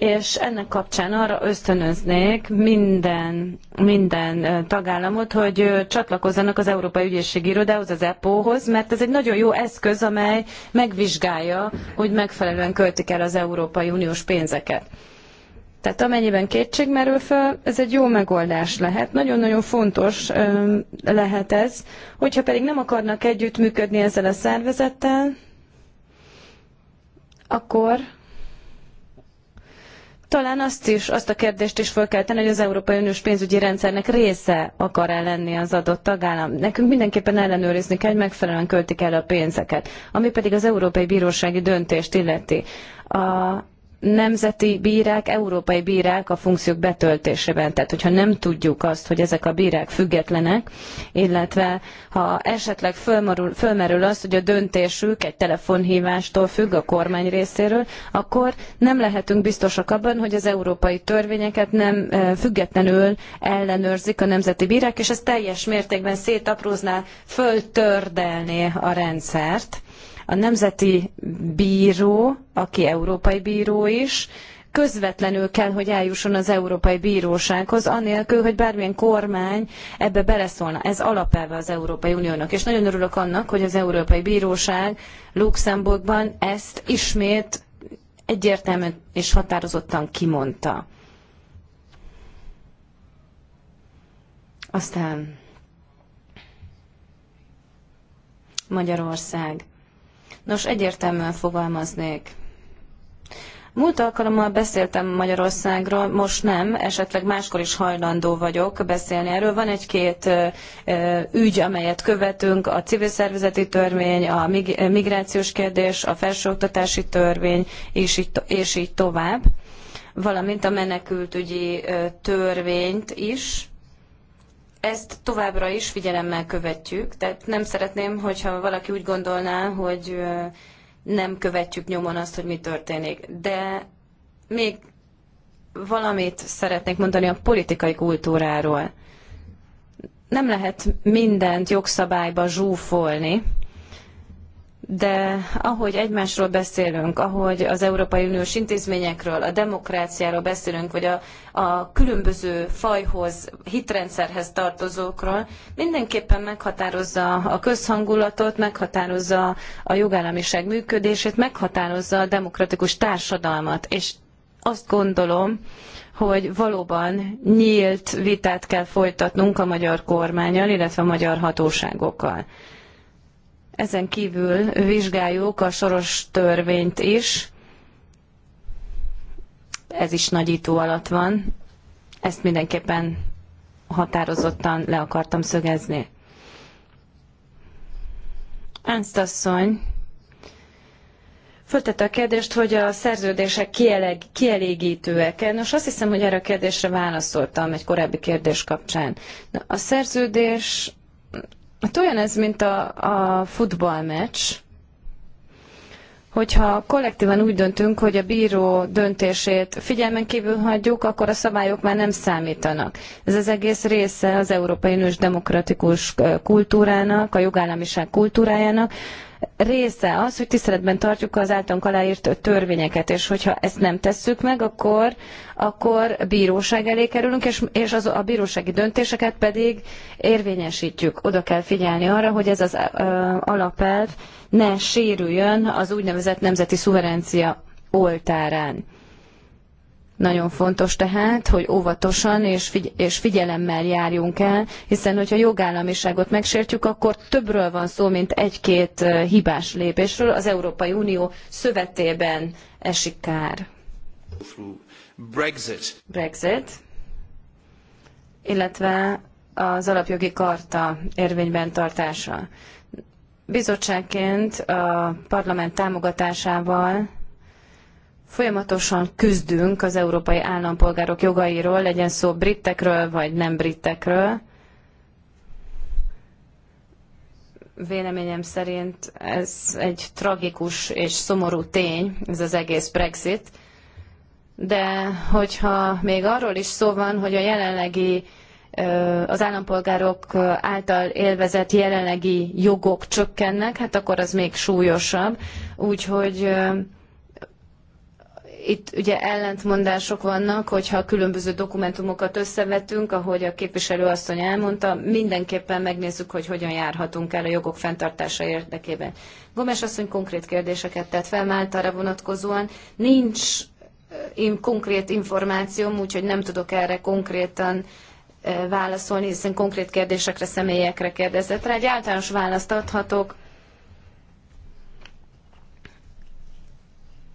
Speaker 2: és ennek kapcsán arra ösztönöznék minden, minden tagállamot, hogy csatlakozzanak az Európai Ügyészségi Irodához, az EPO-hoz, mert ez egy nagyon jó eszköz, amely megvizsgálja, hogy megfelelően költik el az Európai Uniós pénzeket. Tehát amennyiben kétség merül fel, ez egy jó megoldás lehet. Nagyon-nagyon fontos lehet ez, hogyha pedig nem akarnak együttműködni ezzel a szervezettel, akkor talán azt is, azt a kérdést is föl kell tenni, hogy az Európai Uniós pénzügyi rendszernek része akar-e lenni az adott tagállam. Nekünk mindenképpen ellenőrizni kell, hogy megfelelően költik el a pénzeket. Ami pedig az Európai Bírósági döntést illeti. A nemzeti bírák, európai bírák a funkciók betöltésében. Tehát, hogyha nem tudjuk azt, hogy ezek a bírák függetlenek, illetve ha esetleg fölmerül, fölmerül az, hogy a döntésük egy telefonhívástól függ a kormány részéről, akkor nem lehetünk biztosak abban, hogy az európai törvényeket nem függetlenül ellenőrzik a nemzeti bírák, és ez teljes mértékben szétaprózná, föltördelné a rendszert a nemzeti bíró, aki európai bíró is, közvetlenül kell, hogy eljusson az Európai Bírósághoz, anélkül, hogy bármilyen kormány ebbe beleszólna. Ez alapelve az Európai Uniónak. És nagyon örülök annak, hogy az Európai Bíróság Luxemburgban ezt ismét egyértelműen és határozottan kimondta. Aztán Magyarország Nos, egyértelműen fogalmaznék. Múlt alkalommal beszéltem Magyarországról, most nem, esetleg máskor is hajlandó vagyok beszélni erről. Van egy-két ügy, amelyet követünk, a civil szervezeti törvény, a migrációs kérdés, a felsőoktatási törvény, és így, és így tovább, valamint a menekültügyi törvényt is ezt továbbra is figyelemmel követjük, tehát nem szeretném, hogyha valaki úgy gondolná, hogy nem követjük nyomon azt, hogy mi történik. De még valamit szeretnék mondani a politikai kultúráról. Nem lehet mindent jogszabályba zsúfolni, de ahogy egymásról beszélünk, ahogy az Európai Uniós intézményekről, a demokráciáról beszélünk, vagy a, a különböző fajhoz, hitrendszerhez tartozókról, mindenképpen meghatározza a közhangulatot, meghatározza a jogállamiság működését, meghatározza a demokratikus társadalmat. És azt gondolom, hogy valóban nyílt vitát kell folytatnunk a magyar kormányal, illetve a magyar hatóságokkal. Ezen kívül vizsgáljuk a soros törvényt is. Ez is nagyító alatt van. Ezt mindenképpen határozottan le akartam szögezni. Ernst asszony föltette a kérdést, hogy a szerződések kieleg, kielégítőek-e. Nos, azt hiszem, hogy erre a kérdésre válaszoltam egy korábbi kérdés kapcsán. A szerződés Hát olyan ez, mint a, a futballmeccs, hogyha kollektívan úgy döntünk, hogy a bíró döntését figyelmen kívül hagyjuk, akkor a szabályok már nem számítanak. Ez az egész része az Európai Nős demokratikus kultúrának, a jogállamiság kultúrájának, része az, hogy tiszteletben tartjuk az általunk aláírt törvényeket, és hogyha ezt nem tesszük meg, akkor, akkor bíróság elé kerülünk, és, és az, a bírósági döntéseket pedig érvényesítjük. Oda kell figyelni arra, hogy ez az ö, alapelv ne sérüljön az úgynevezett nemzeti szuverencia oltárán. Nagyon fontos tehát, hogy óvatosan és, figy- és figyelemmel járjunk el, hiszen hogyha jogállamiságot megsértjük, akkor többről van szó, mint egy-két hibás lépésről. Az Európai Unió szövetében esik kár.
Speaker 3: Brexit.
Speaker 2: Brexit, illetve az alapjogi karta érvényben tartása. Bizottságként a parlament támogatásával Folyamatosan küzdünk az európai állampolgárok jogairól, legyen szó britekről vagy nem britekről. Véleményem szerint ez egy tragikus és szomorú tény, ez az egész Brexit. De hogyha még arról is szó van, hogy a jelenlegi az állampolgárok által élvezett jelenlegi jogok csökkennek, hát akkor az még súlyosabb. Úgyhogy itt ugye ellentmondások vannak, hogyha a különböző dokumentumokat összevetünk, ahogy a képviselő asszony elmondta, mindenképpen megnézzük, hogy hogyan járhatunk el a jogok fenntartása érdekében. Gomes asszony konkrét kérdéseket tett fel Máltára vonatkozóan. Nincs én eh, konkrét információm, úgyhogy nem tudok erre konkrétan eh, válaszolni, hiszen konkrét kérdésekre, személyekre kérdezett rá. Egy általános választ adhatok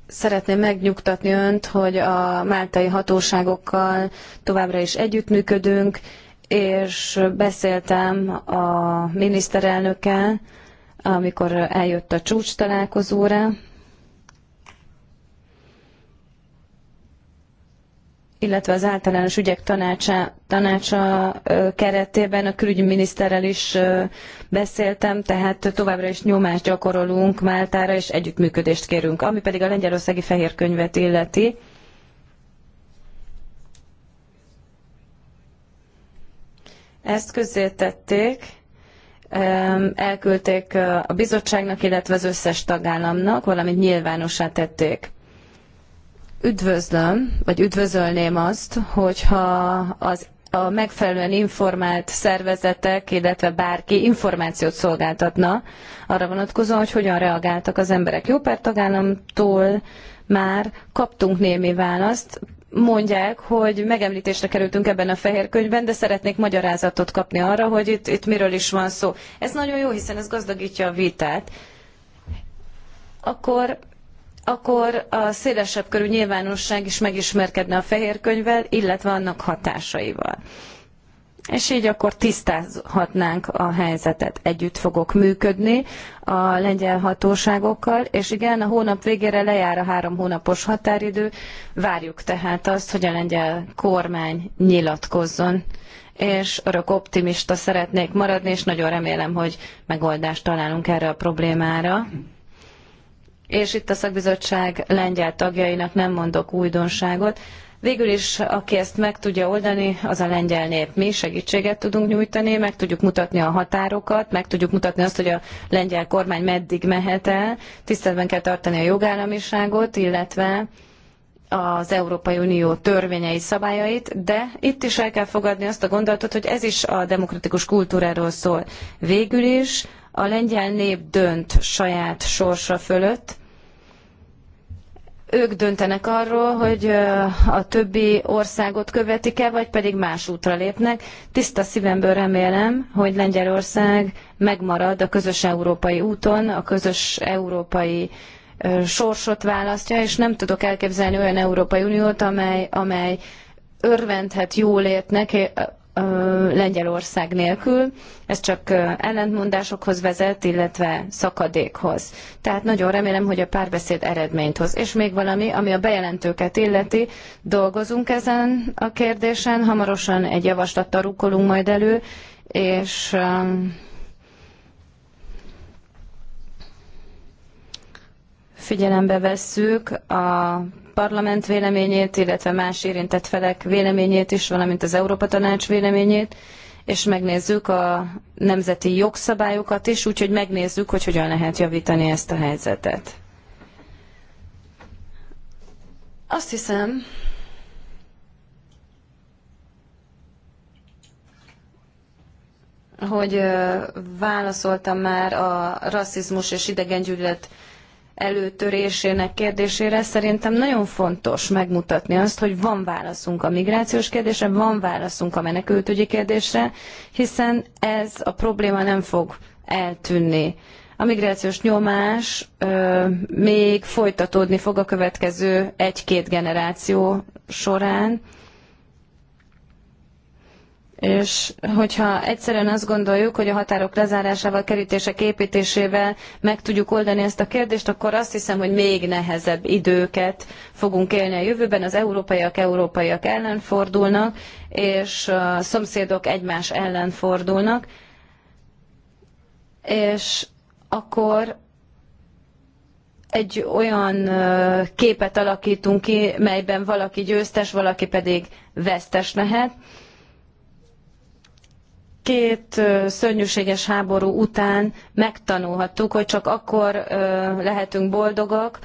Speaker 2: szeretném megnyugtatni önt, hogy a máltai hatóságokkal továbbra is együttműködünk, és beszéltem a miniszterelnökkel, amikor eljött a csúcs találkozóra, illetve az általános ügyek tanácsa, tanácsa keretében a külügyminiszterrel is beszéltem, tehát továbbra is nyomást gyakorolunk Máltára, és együttműködést kérünk. Ami pedig a lengyelországi fehér könyvet illeti, ezt közzétették, elküldték a bizottságnak, illetve az összes tagállamnak, valamint nyilvánossá tették üdvözlöm, vagy üdvözölném azt, hogyha az a megfelelően informált szervezetek, illetve bárki információt szolgáltatna arra vonatkozóan, hogy hogyan reagáltak az emberek. Jó pár tagállamtól már kaptunk némi választ, mondják, hogy megemlítésre kerültünk ebben a fehér könyvben, de szeretnék magyarázatot kapni arra, hogy itt, itt miről is van szó. Ez nagyon jó, hiszen ez gazdagítja a vitát. Akkor akkor a szélesebb körű nyilvánosság is megismerkedne a fehér könyvvel, illetve annak hatásaival. És így akkor tisztázhatnánk a helyzetet. Együtt fogok működni a lengyel hatóságokkal, és igen, a hónap végére lejár a három hónapos határidő. Várjuk tehát azt, hogy a lengyel kormány nyilatkozzon és örök optimista szeretnék maradni, és nagyon remélem, hogy megoldást találunk erre a problémára és itt a szakbizottság lengyel tagjainak nem mondok újdonságot. Végül is, aki ezt meg tudja oldani, az a lengyel nép. Mi segítséget tudunk nyújtani, meg tudjuk mutatni a határokat, meg tudjuk mutatni azt, hogy a lengyel kormány meddig mehet el, tiszteletben kell tartani a jogállamiságot, illetve az Európai Unió törvényei, szabályait, de itt is el kell fogadni azt a gondolatot, hogy ez is a demokratikus kultúráról szól. Végül is a lengyel nép dönt saját sorsa fölött. Ők döntenek arról, hogy a többi országot követik-e, vagy pedig más útra lépnek. Tiszta szívemből remélem, hogy Lengyelország megmarad a közös európai úton, a közös európai sorsot választja, és nem tudok elképzelni olyan Európai Uniót, amely, amely örvendhet jólétnek, Lengyelország nélkül. Ez csak ellentmondásokhoz vezet, illetve szakadékhoz. Tehát nagyon remélem, hogy a párbeszéd eredményt hoz. És még valami, ami a bejelentőket illeti, dolgozunk ezen a kérdésen, hamarosan egy javaslattal rukkolunk majd elő, és figyelembe vesszük a Parlament véleményét, illetve más érintett felek véleményét is, valamint az Európa Tanács véleményét, és megnézzük a nemzeti jogszabályokat is, úgyhogy megnézzük, hogy hogyan lehet javítani ezt a helyzetet. Azt hiszem, hogy válaszoltam már a rasszizmus és idegengyűlölet előtörésének kérdésére szerintem nagyon fontos megmutatni azt, hogy van válaszunk a migrációs kérdésre, van válaszunk a menekültügyi kérdésre, hiszen ez a probléma nem fog eltűnni. A migrációs nyomás ö, még folytatódni fog a következő egy-két generáció során. És hogyha egyszerűen azt gondoljuk, hogy a határok lezárásával, kerítések építésével meg tudjuk oldani ezt a kérdést, akkor azt hiszem, hogy még nehezebb időket fogunk élni a jövőben. Az európaiak európaiak ellen fordulnak, és a szomszédok egymás ellen fordulnak. És akkor egy olyan képet alakítunk ki, melyben valaki győztes, valaki pedig vesztes lehet két szörnyűséges háború után megtanulhattuk, hogy csak akkor lehetünk boldogak,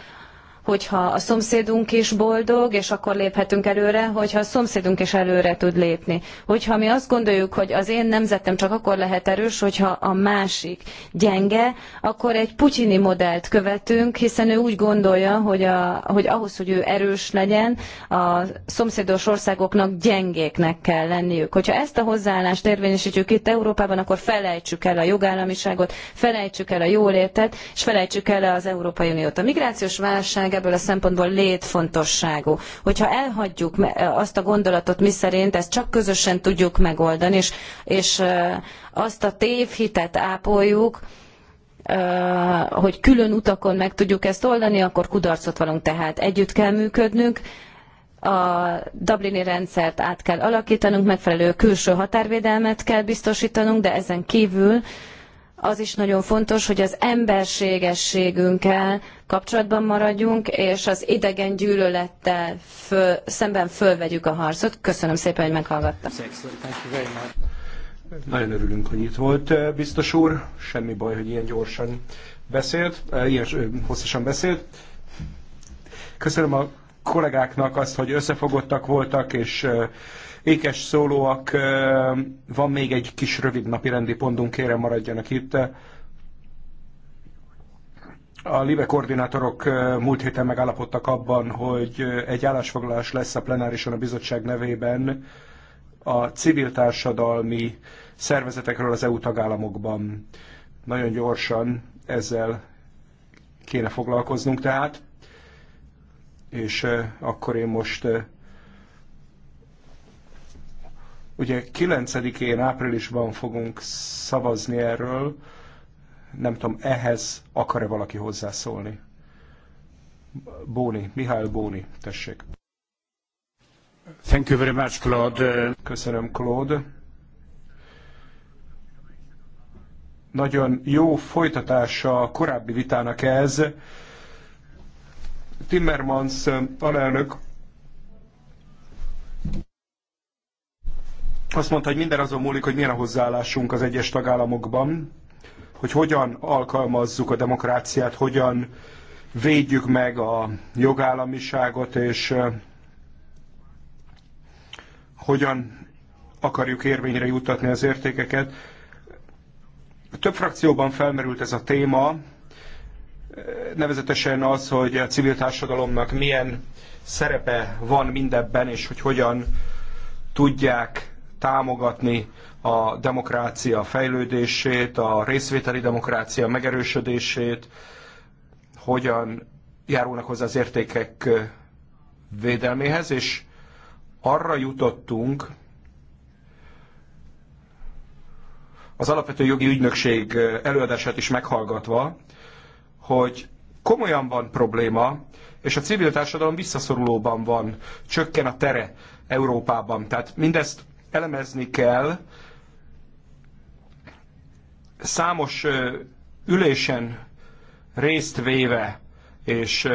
Speaker 2: hogyha a szomszédunk is boldog, és akkor léphetünk előre, hogyha a szomszédunk is előre tud lépni. Hogyha mi azt gondoljuk, hogy az én nemzetem csak akkor lehet erős, hogyha a másik gyenge, akkor egy putyini modellt követünk, hiszen ő úgy gondolja, hogy, a, hogy ahhoz, hogy ő erős legyen, a szomszédos országoknak gyengéknek kell lenniük. Hogyha ezt a hozzáállást érvényesítjük itt Európában, akkor felejtsük el a jogállamiságot, felejtsük el a jólétet, és felejtsük el az Európai Uniót. A migrációs válság ebből a szempontból létfontosságú. Hogyha elhagyjuk azt a gondolatot, miszerint ezt csak közösen tudjuk megoldani, és, és azt a tévhitet ápoljuk, hogy külön utakon meg tudjuk ezt oldani, akkor kudarcot valunk tehát. Együtt kell működnünk, a Dublini rendszert át kell alakítanunk, megfelelő külső határvédelmet kell biztosítanunk, de ezen kívül uh, az is nagyon fontos, hogy az emberségességünkkel kapcsolatban maradjunk, és az idegen gyűlölettel föl, szemben fölvegyük a harcot. Köszönöm szépen, hogy meghallgattam.
Speaker 3: Nagyon örülünk, hogy itt volt, eh, biztos úr. Semmi baj, hogy ilyen gyorsan beszélt, eh, ilyen eh, hosszasan beszélt. Köszönöm a kollégáknak azt, hogy összefogottak voltak, és ékes szólóak. Van még egy kis rövid napi rendi pontunk, kérem maradjanak itt. A LIBE koordinátorok múlt héten megállapodtak abban, hogy egy állásfoglalás lesz a plenárison a bizottság nevében a civil társadalmi szervezetekről az EU tagállamokban. Nagyon gyorsan ezzel kéne foglalkoznunk tehát, és akkor én most Ugye 9-én áprilisban fogunk szavazni erről, nem tudom, ehhez akar-e valaki hozzászólni? Bóni, Mihály Bóni, tessék. Thank you very much, Claude. Köszönöm, Claude. Nagyon jó folytatása a korábbi vitának ez. Timmermans alelnök azt mondta, hogy minden azon múlik, hogy milyen a hozzáállásunk az egyes tagállamokban, hogy hogyan alkalmazzuk a demokráciát, hogyan védjük meg a jogállamiságot, és hogyan akarjuk érvényre juttatni az értékeket. Több frakcióban felmerült ez a téma, nevezetesen az, hogy a civil társadalomnak milyen szerepe van mindebben, és hogy hogyan tudják támogatni a demokrácia fejlődését, a részvételi demokrácia megerősödését, hogyan járulnak hozzá az értékek védelméhez, és arra jutottunk az alapvető jogi ügynökség előadását is meghallgatva, hogy komolyan van probléma, és a civil társadalom visszaszorulóban van, csökken a tere Európában. Tehát mindezt elemezni kell. Számos ülésen részt véve és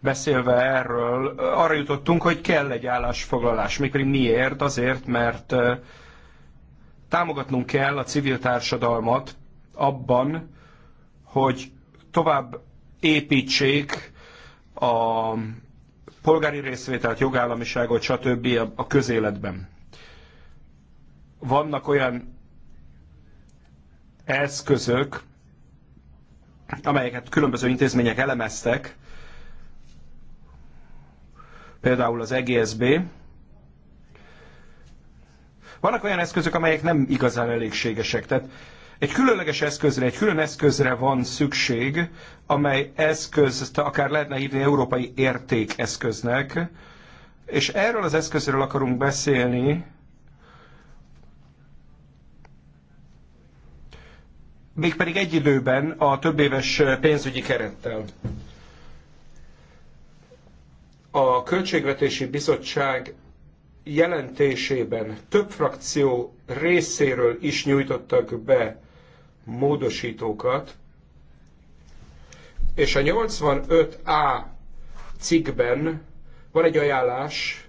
Speaker 3: beszélve erről, arra jutottunk, hogy kell egy állásfoglalás. Mégpedig miért? Azért, mert támogatnunk kell a civil társadalmat abban, hogy tovább építsék a polgári részvételt, jogállamiságot, stb. a közéletben vannak olyan eszközök, amelyeket különböző intézmények elemeztek, például az EGSB. Vannak olyan eszközök, amelyek nem igazán elégségesek. Tehát egy különleges eszközre, egy külön eszközre van szükség, amely eszközt akár lehetne hívni európai értékeszköznek, és erről az eszközről akarunk beszélni, mégpedig egy időben a többéves pénzügyi kerettel. A Költségvetési Bizottság jelentésében több frakció részéről is nyújtottak be módosítókat, és a 85A cikkben van egy ajánlás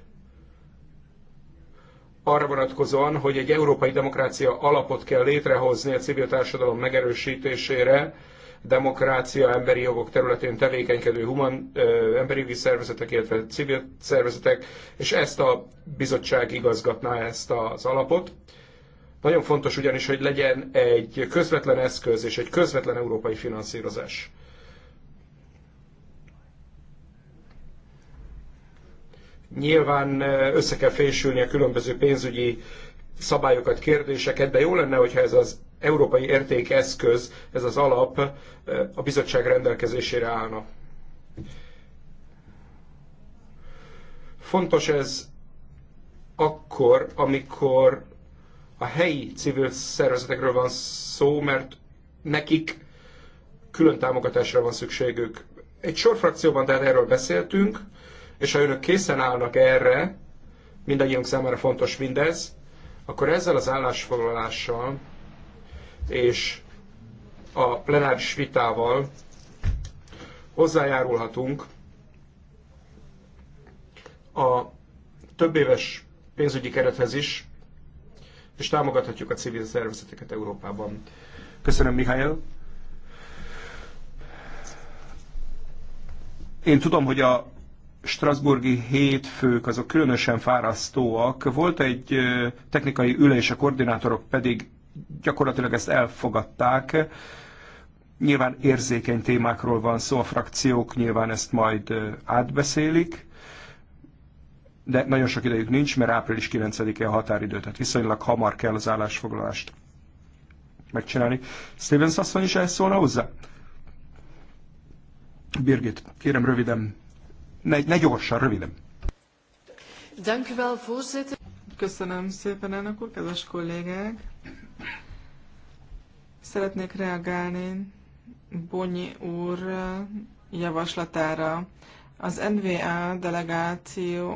Speaker 3: arra vonatkozóan, hogy egy európai demokrácia alapot kell létrehozni a civil társadalom megerősítésére, demokrácia, emberi jogok területén tevékenykedő human, ö, emberi jogi szervezetek, illetve civil szervezetek, és ezt a bizottság igazgatná ezt az alapot. Nagyon fontos ugyanis, hogy legyen egy közvetlen eszköz és egy közvetlen európai finanszírozás. Nyilván össze kell fésülni a különböző pénzügyi szabályokat, kérdéseket, de jó lenne, hogyha ez az európai értékeszköz, ez az alap a bizottság rendelkezésére állna. Fontos ez akkor, amikor a helyi civil szervezetekről van szó, mert nekik külön támogatásra van szükségük. Egy sor frakcióban tehát erről beszéltünk, és ha önök készen állnak erre, mindannyiunk számára fontos mindez, akkor ezzel az állásfoglalással és a plenáris vitával hozzájárulhatunk a többéves pénzügyi kerethez is, és támogathatjuk a civil szervezeteket Európában. Köszönöm, Mihály. Én tudom, hogy a Strasburgi hétfők azok különösen fárasztóak. Volt egy technikai ülés, a koordinátorok pedig gyakorlatilag ezt elfogadták. Nyilván érzékeny témákról van szó, a frakciók nyilván ezt majd átbeszélik, de nagyon sok idejük nincs, mert április 9-e a határidő, tehát viszonylag hamar kell az állásfoglalást megcsinálni. Stevens asszony is ehhez szólna hozzá? Birgit, kérem röviden ne, ne gyorsan, röviden.
Speaker 1: Köszönöm szépen, elnök úr, kedves kollégák! Szeretnék reagálni Bonyi úr javaslatára. Az NVA delegáció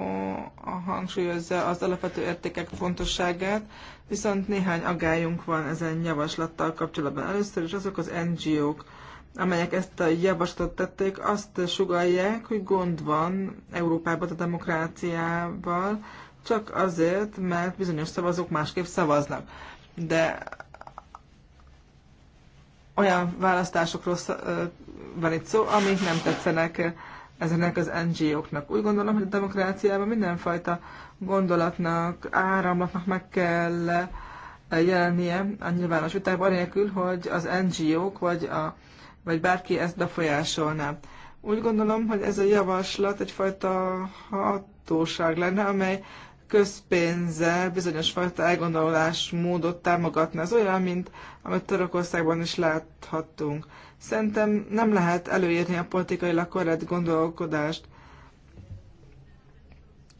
Speaker 1: hangsúlyozza az alapvető értékek fontosságát, viszont néhány agályunk van ezen javaslattal kapcsolatban. Először is azok az NGO-k, amelyek ezt a javaslatot tették, azt sugalják, hogy gond van Európában a demokráciával, csak azért, mert bizonyos szavazók másképp szavaznak. De olyan választásokról van itt szó, amik nem tetszenek ezeknek az NGO-knak. Úgy gondolom, hogy a demokráciában mindenfajta gondolatnak, áramlatnak meg kell jelennie a nyilvános vitákban, anélkül, hogy az NGO-k vagy a vagy bárki ezt befolyásolná. Úgy gondolom, hogy ez a javaslat egyfajta hatóság lenne, amely közpénzzel bizonyos fajta elgondolás módot támogatna. Ez olyan, mint amit Törökországban is láthattunk. Szerintem nem lehet előírni a politikailag korrekt gondolkodást.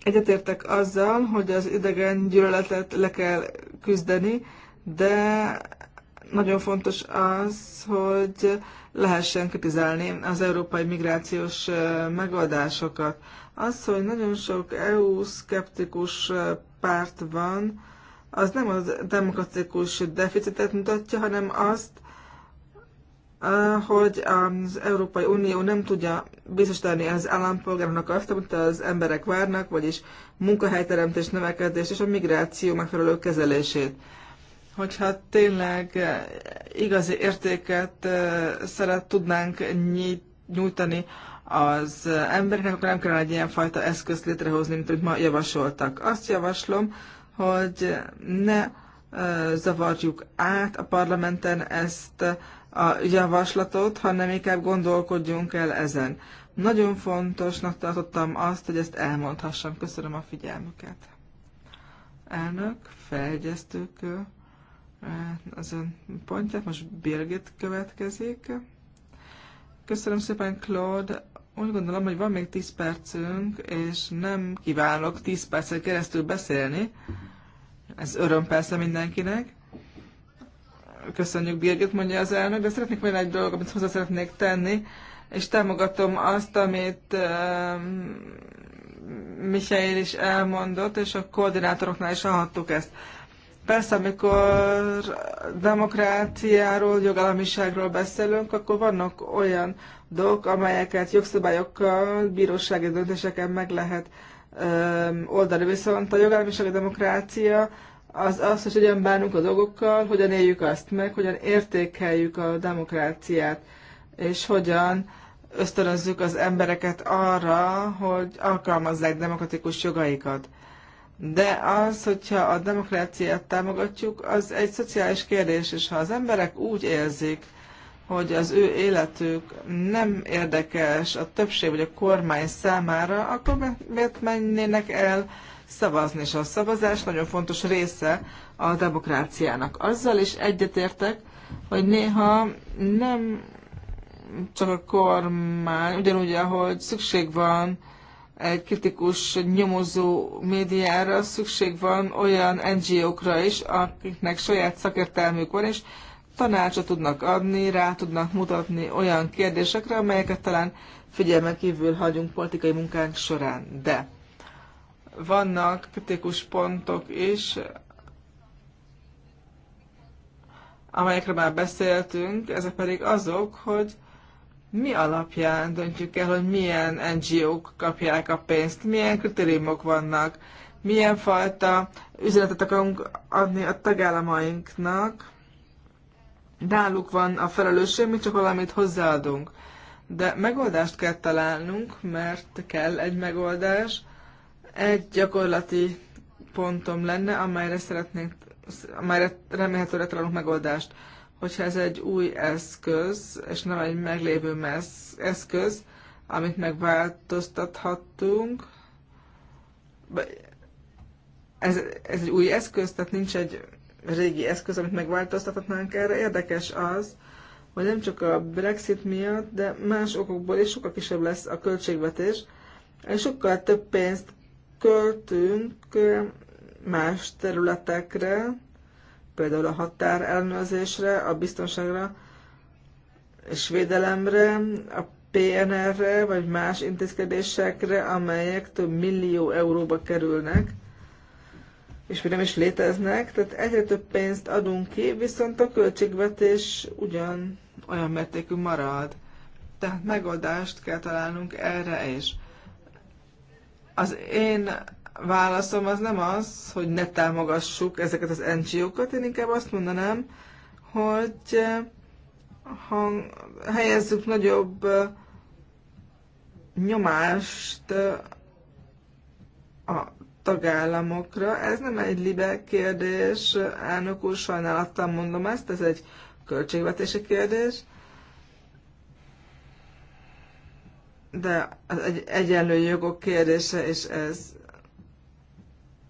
Speaker 1: Egyetértek azzal, hogy az idegen gyűlöletet le kell küzdeni, de nagyon fontos az, hogy lehessen kritizálni az európai migrációs megoldásokat. Az, hogy nagyon sok EU-szkeptikus párt van, az nem az demokratikus deficitet mutatja, hanem azt, hogy az Európai Unió nem tudja biztosítani az állampolgárnak azt, amit az emberek várnak, vagyis munkahelyteremtés, növekedés és a migráció megfelelő kezelését hogyha tényleg eh, igazi értéket eh, szeret tudnánk nyújtani az embereknek, akkor nem kellene egy ilyen fajta eszközt létrehozni, mint amit ma javasoltak. Azt javaslom, hogy ne eh, zavarjuk át a parlamenten ezt a javaslatot, hanem inkább gondolkodjunk el ezen. Nagyon fontosnak tartottam azt, hogy ezt elmondhassam. Köszönöm a figyelmüket. Elnök, felegyeztőkő az ön pontját. Most Birgit következik. Köszönöm szépen, Claude. Úgy gondolom, hogy van még 10 percünk, és nem kívánok 10 percet keresztül beszélni. Ez öröm persze mindenkinek. Köszönjük Birgit, mondja az elnök, de szeretnék volna egy dolgot, amit hozzá szeretnék tenni, és támogatom azt, amit uh, Michael is elmondott, és a koordinátoroknál is hallhattuk ezt. Uh, Persze, amikor demokráciáról, jogállamiságról beszélünk, akkor vannak olyan dolgok, amelyeket jogszabályokkal, bírósági döntéseken meg lehet oldani. Viszont a jogállamiság, a demokrácia az az, hogy hogyan bánunk a dolgokkal, hogyan éljük azt meg, hogyan értékeljük a demokráciát, és hogyan ösztönözzük az embereket arra, hogy alkalmazzák demokratikus jogaikat de az, hogyha a demokráciát támogatjuk, az egy szociális kérdés, és ha az emberek úgy érzik, hogy az ő életük nem érdekes a többség vagy a kormány számára, akkor miért mennének el szavazni? És a szavazás nagyon fontos része a demokráciának. Azzal is egyetértek, hogy néha nem csak a kormány, ugyanúgy, ahogy szükség van egy kritikus nyomozó médiára, szükség van olyan NGO-kra is, akiknek saját szakértelmük van, és tanácsot tudnak adni, rá tudnak mutatni olyan kérdésekre, amelyeket talán figyelmen kívül hagyunk politikai munkánk során. De vannak kritikus pontok is, amelyekre már beszéltünk, ezek pedig azok, hogy mi alapján döntjük el, hogy milyen NGO-k kapják a pénzt, milyen kritériumok vannak, milyen fajta üzenetet akarunk adni a tagállamainknak. Náluk van a felelősség, mi csak valamit hozzáadunk. De megoldást kell találnunk, mert kell egy megoldás. Egy gyakorlati pontom lenne, amelyre szeretnénk, amelyre remélhetőre találunk megoldást hogyha ez egy új eszköz, és nem egy meglévő eszköz, amit megváltoztathattunk, ez, ez egy új eszköz, tehát nincs egy régi eszköz, amit megváltoztathatnánk erre. Érdekes az, hogy nem csak a Brexit miatt, de más okokból is sokkal kisebb lesz a költségvetés, és sokkal több pénzt költünk más területekre, például a határ ellenőrzésre, a biztonságra és védelemre, a PNR-re, vagy más intézkedésekre, amelyek több millió euróba kerülnek, és mi nem is léteznek, tehát egyre több pénzt adunk ki, viszont a költségvetés ugyan olyan mértékű marad. Tehát megoldást kell találnunk erre is. Az én válaszom az nem az, hogy ne támogassuk ezeket az NGO-kat, én inkább azt mondanám, hogy eh, ha helyezzük nagyobb eh, nyomást eh, a tagállamokra. Ez nem egy libe kérdés, elnök úr, sajnálattal mondom ezt, ez egy költségvetési kérdés. De az egy, egyenlő jogok kérdése, és ez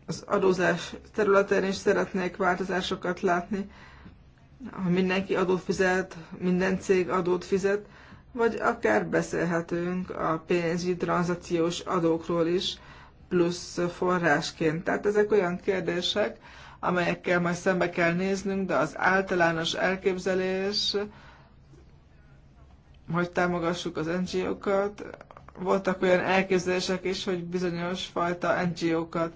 Speaker 1: az adózás területén is szeretnék változásokat látni, ha mindenki adót fizet, minden cég adót fizet, vagy akár beszélhetünk a pénzügyi tranzakciós adókról is, plusz forrásként. Tehát ezek olyan kérdések, amelyekkel majd szembe kell néznünk, de az általános elképzelés, hogy támogassuk az NGO-kat, voltak olyan elképzelések is, hogy bizonyos fajta NGO-kat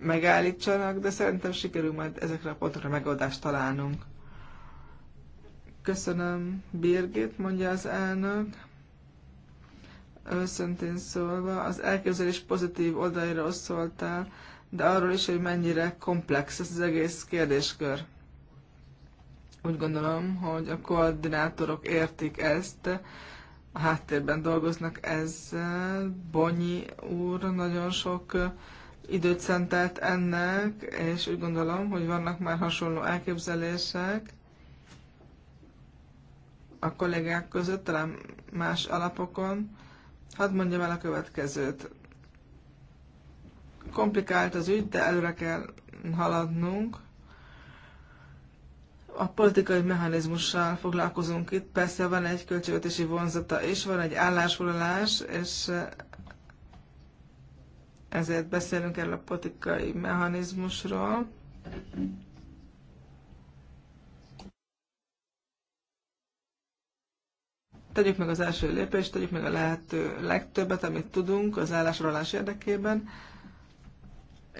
Speaker 1: megállítsanak, de szerintem sikerül majd ezekre a pontokra megoldást találnunk. Köszönöm Birgit, mondja az elnök. Őszintén szólva, az elképzelés pozitív oldalira szóltál, de arról is, hogy mennyire komplex ez az egész kérdéskör. Úgy gondolom, hogy a koordinátorok értik ezt, a háttérben dolgoznak ezzel. Bonyi úr nagyon sok időt szentelt ennek, és úgy gondolom, hogy vannak már hasonló elképzelések a kollégák között, talán más alapokon. Hadd mondjam el a következőt. Komplikált az ügy, de előre kell haladnunk a politikai mechanizmussal foglalkozunk itt. Persze van egy költségvetési vonzata és van egy állásfoglalás, és eh, ezért beszélünk erről a politikai mechanizmusról. Tegyük meg az első lépést, tegyük meg a lehető legtöbbet, amit tudunk az állásfoglalás érdekében.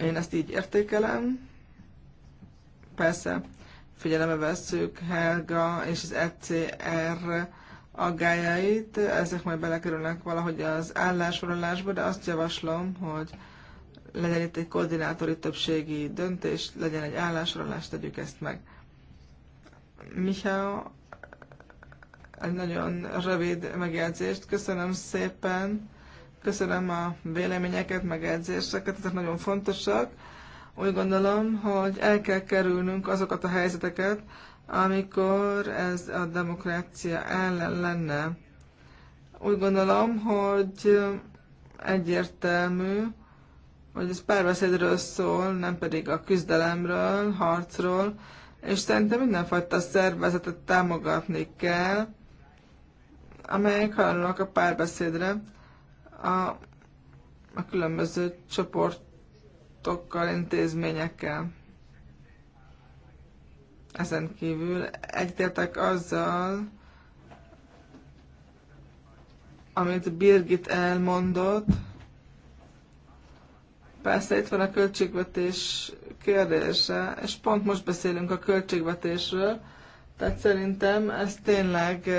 Speaker 1: Én ezt így értékelem. Persze figyelembe veszük Helga és az ECR aggájait, ezek majd belekerülnek valahogy az állásorolásba, de azt javaslom, hogy legyen itt egy koordinátori többségi döntés, legyen egy állásorolás, tegyük ezt meg. Mihály, egy nagyon rövid megjegyzést. Köszönöm szépen, köszönöm a véleményeket, megjegyzéseket, ezek nagyon fontosak úgy gondolom, hogy el kell kerülnünk azokat a helyzeteket, amikor ez a demokrácia ellen lenne. Úgy gondolom, hogy egyértelmű, hogy ez párbeszédről szól, nem pedig a küzdelemről, harcról, és szerintem mindenfajta szervezetet támogatni kell, amelyek hajlanak a párbeszédre a, a különböző csoport csoportokkal, intézményekkel. Ezen kívül egyetértek azzal, amit Birgit elmondott. Persze itt van a költségvetés kérdése, és pont most beszélünk a költségvetésről, tehát szerintem ezt tényleg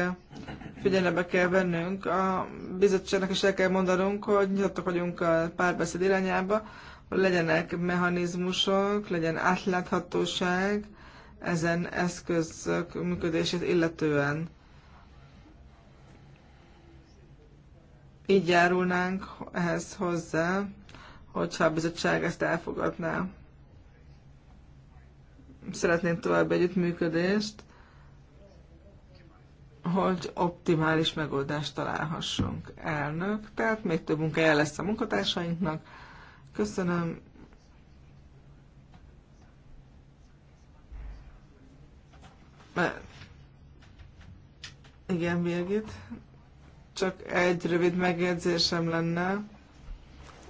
Speaker 1: figyelembe kell vennünk. A bizottságnak is el kell mondanunk, hogy nyitottak vagyunk a párbeszéd irányába, legyenek mechanizmusok, legyen átláthatóság ezen eszközök működését illetően. Így járulnánk ehhez hozzá, hogyha a bizottság ezt elfogadná. Szeretnénk tovább együttműködést, hogy optimális megoldást találhassunk elnök. Tehát még több munkája lesz a munkatársainknak, Köszönöm. Mert... Igen, Birgit. Csak egy rövid megjegyzésem lenne.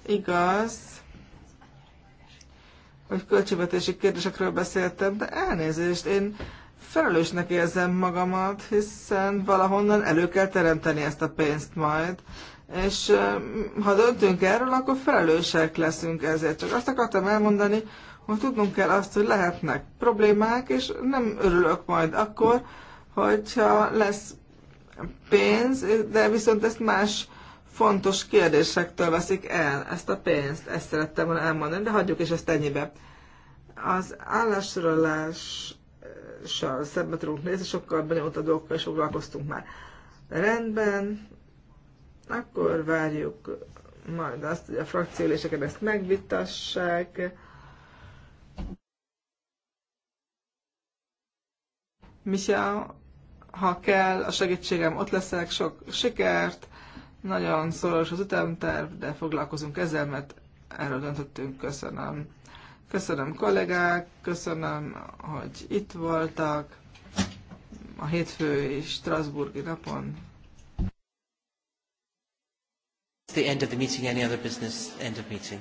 Speaker 1: Igaz, hogy költségvetési kérdésekről beszéltem, de elnézést, én felelősnek érzem magamat, hiszen valahonnan elő kell teremteni ezt a pénzt majd és ha döntünk erről, akkor felelősek leszünk ezért. Csak azt akartam elmondani, hogy tudnunk kell azt, hogy lehetnek problémák, és nem örülök majd akkor, hogyha lesz pénz, de viszont ezt más fontos kérdésektől veszik el, ezt a pénzt. Ezt szerettem volna elmondani, de hagyjuk is ezt ennyibe. Az állásrólással szemben tudunk nézni, sokkal a dolgokkal és foglalkoztunk már. Rendben, akkor várjuk majd azt, hogy a frakcióléseket ezt megvitassák. Misha, ha kell, a segítségem ott leszek, sok sikert, nagyon szoros az ütemterv, de foglalkozunk ezzel, mert erről döntöttünk, köszönöm. Köszönöm kollégák, köszönöm, hogy itt voltak a hétfői Strasburgi napon the end of the meeting, any other business, end of meeting.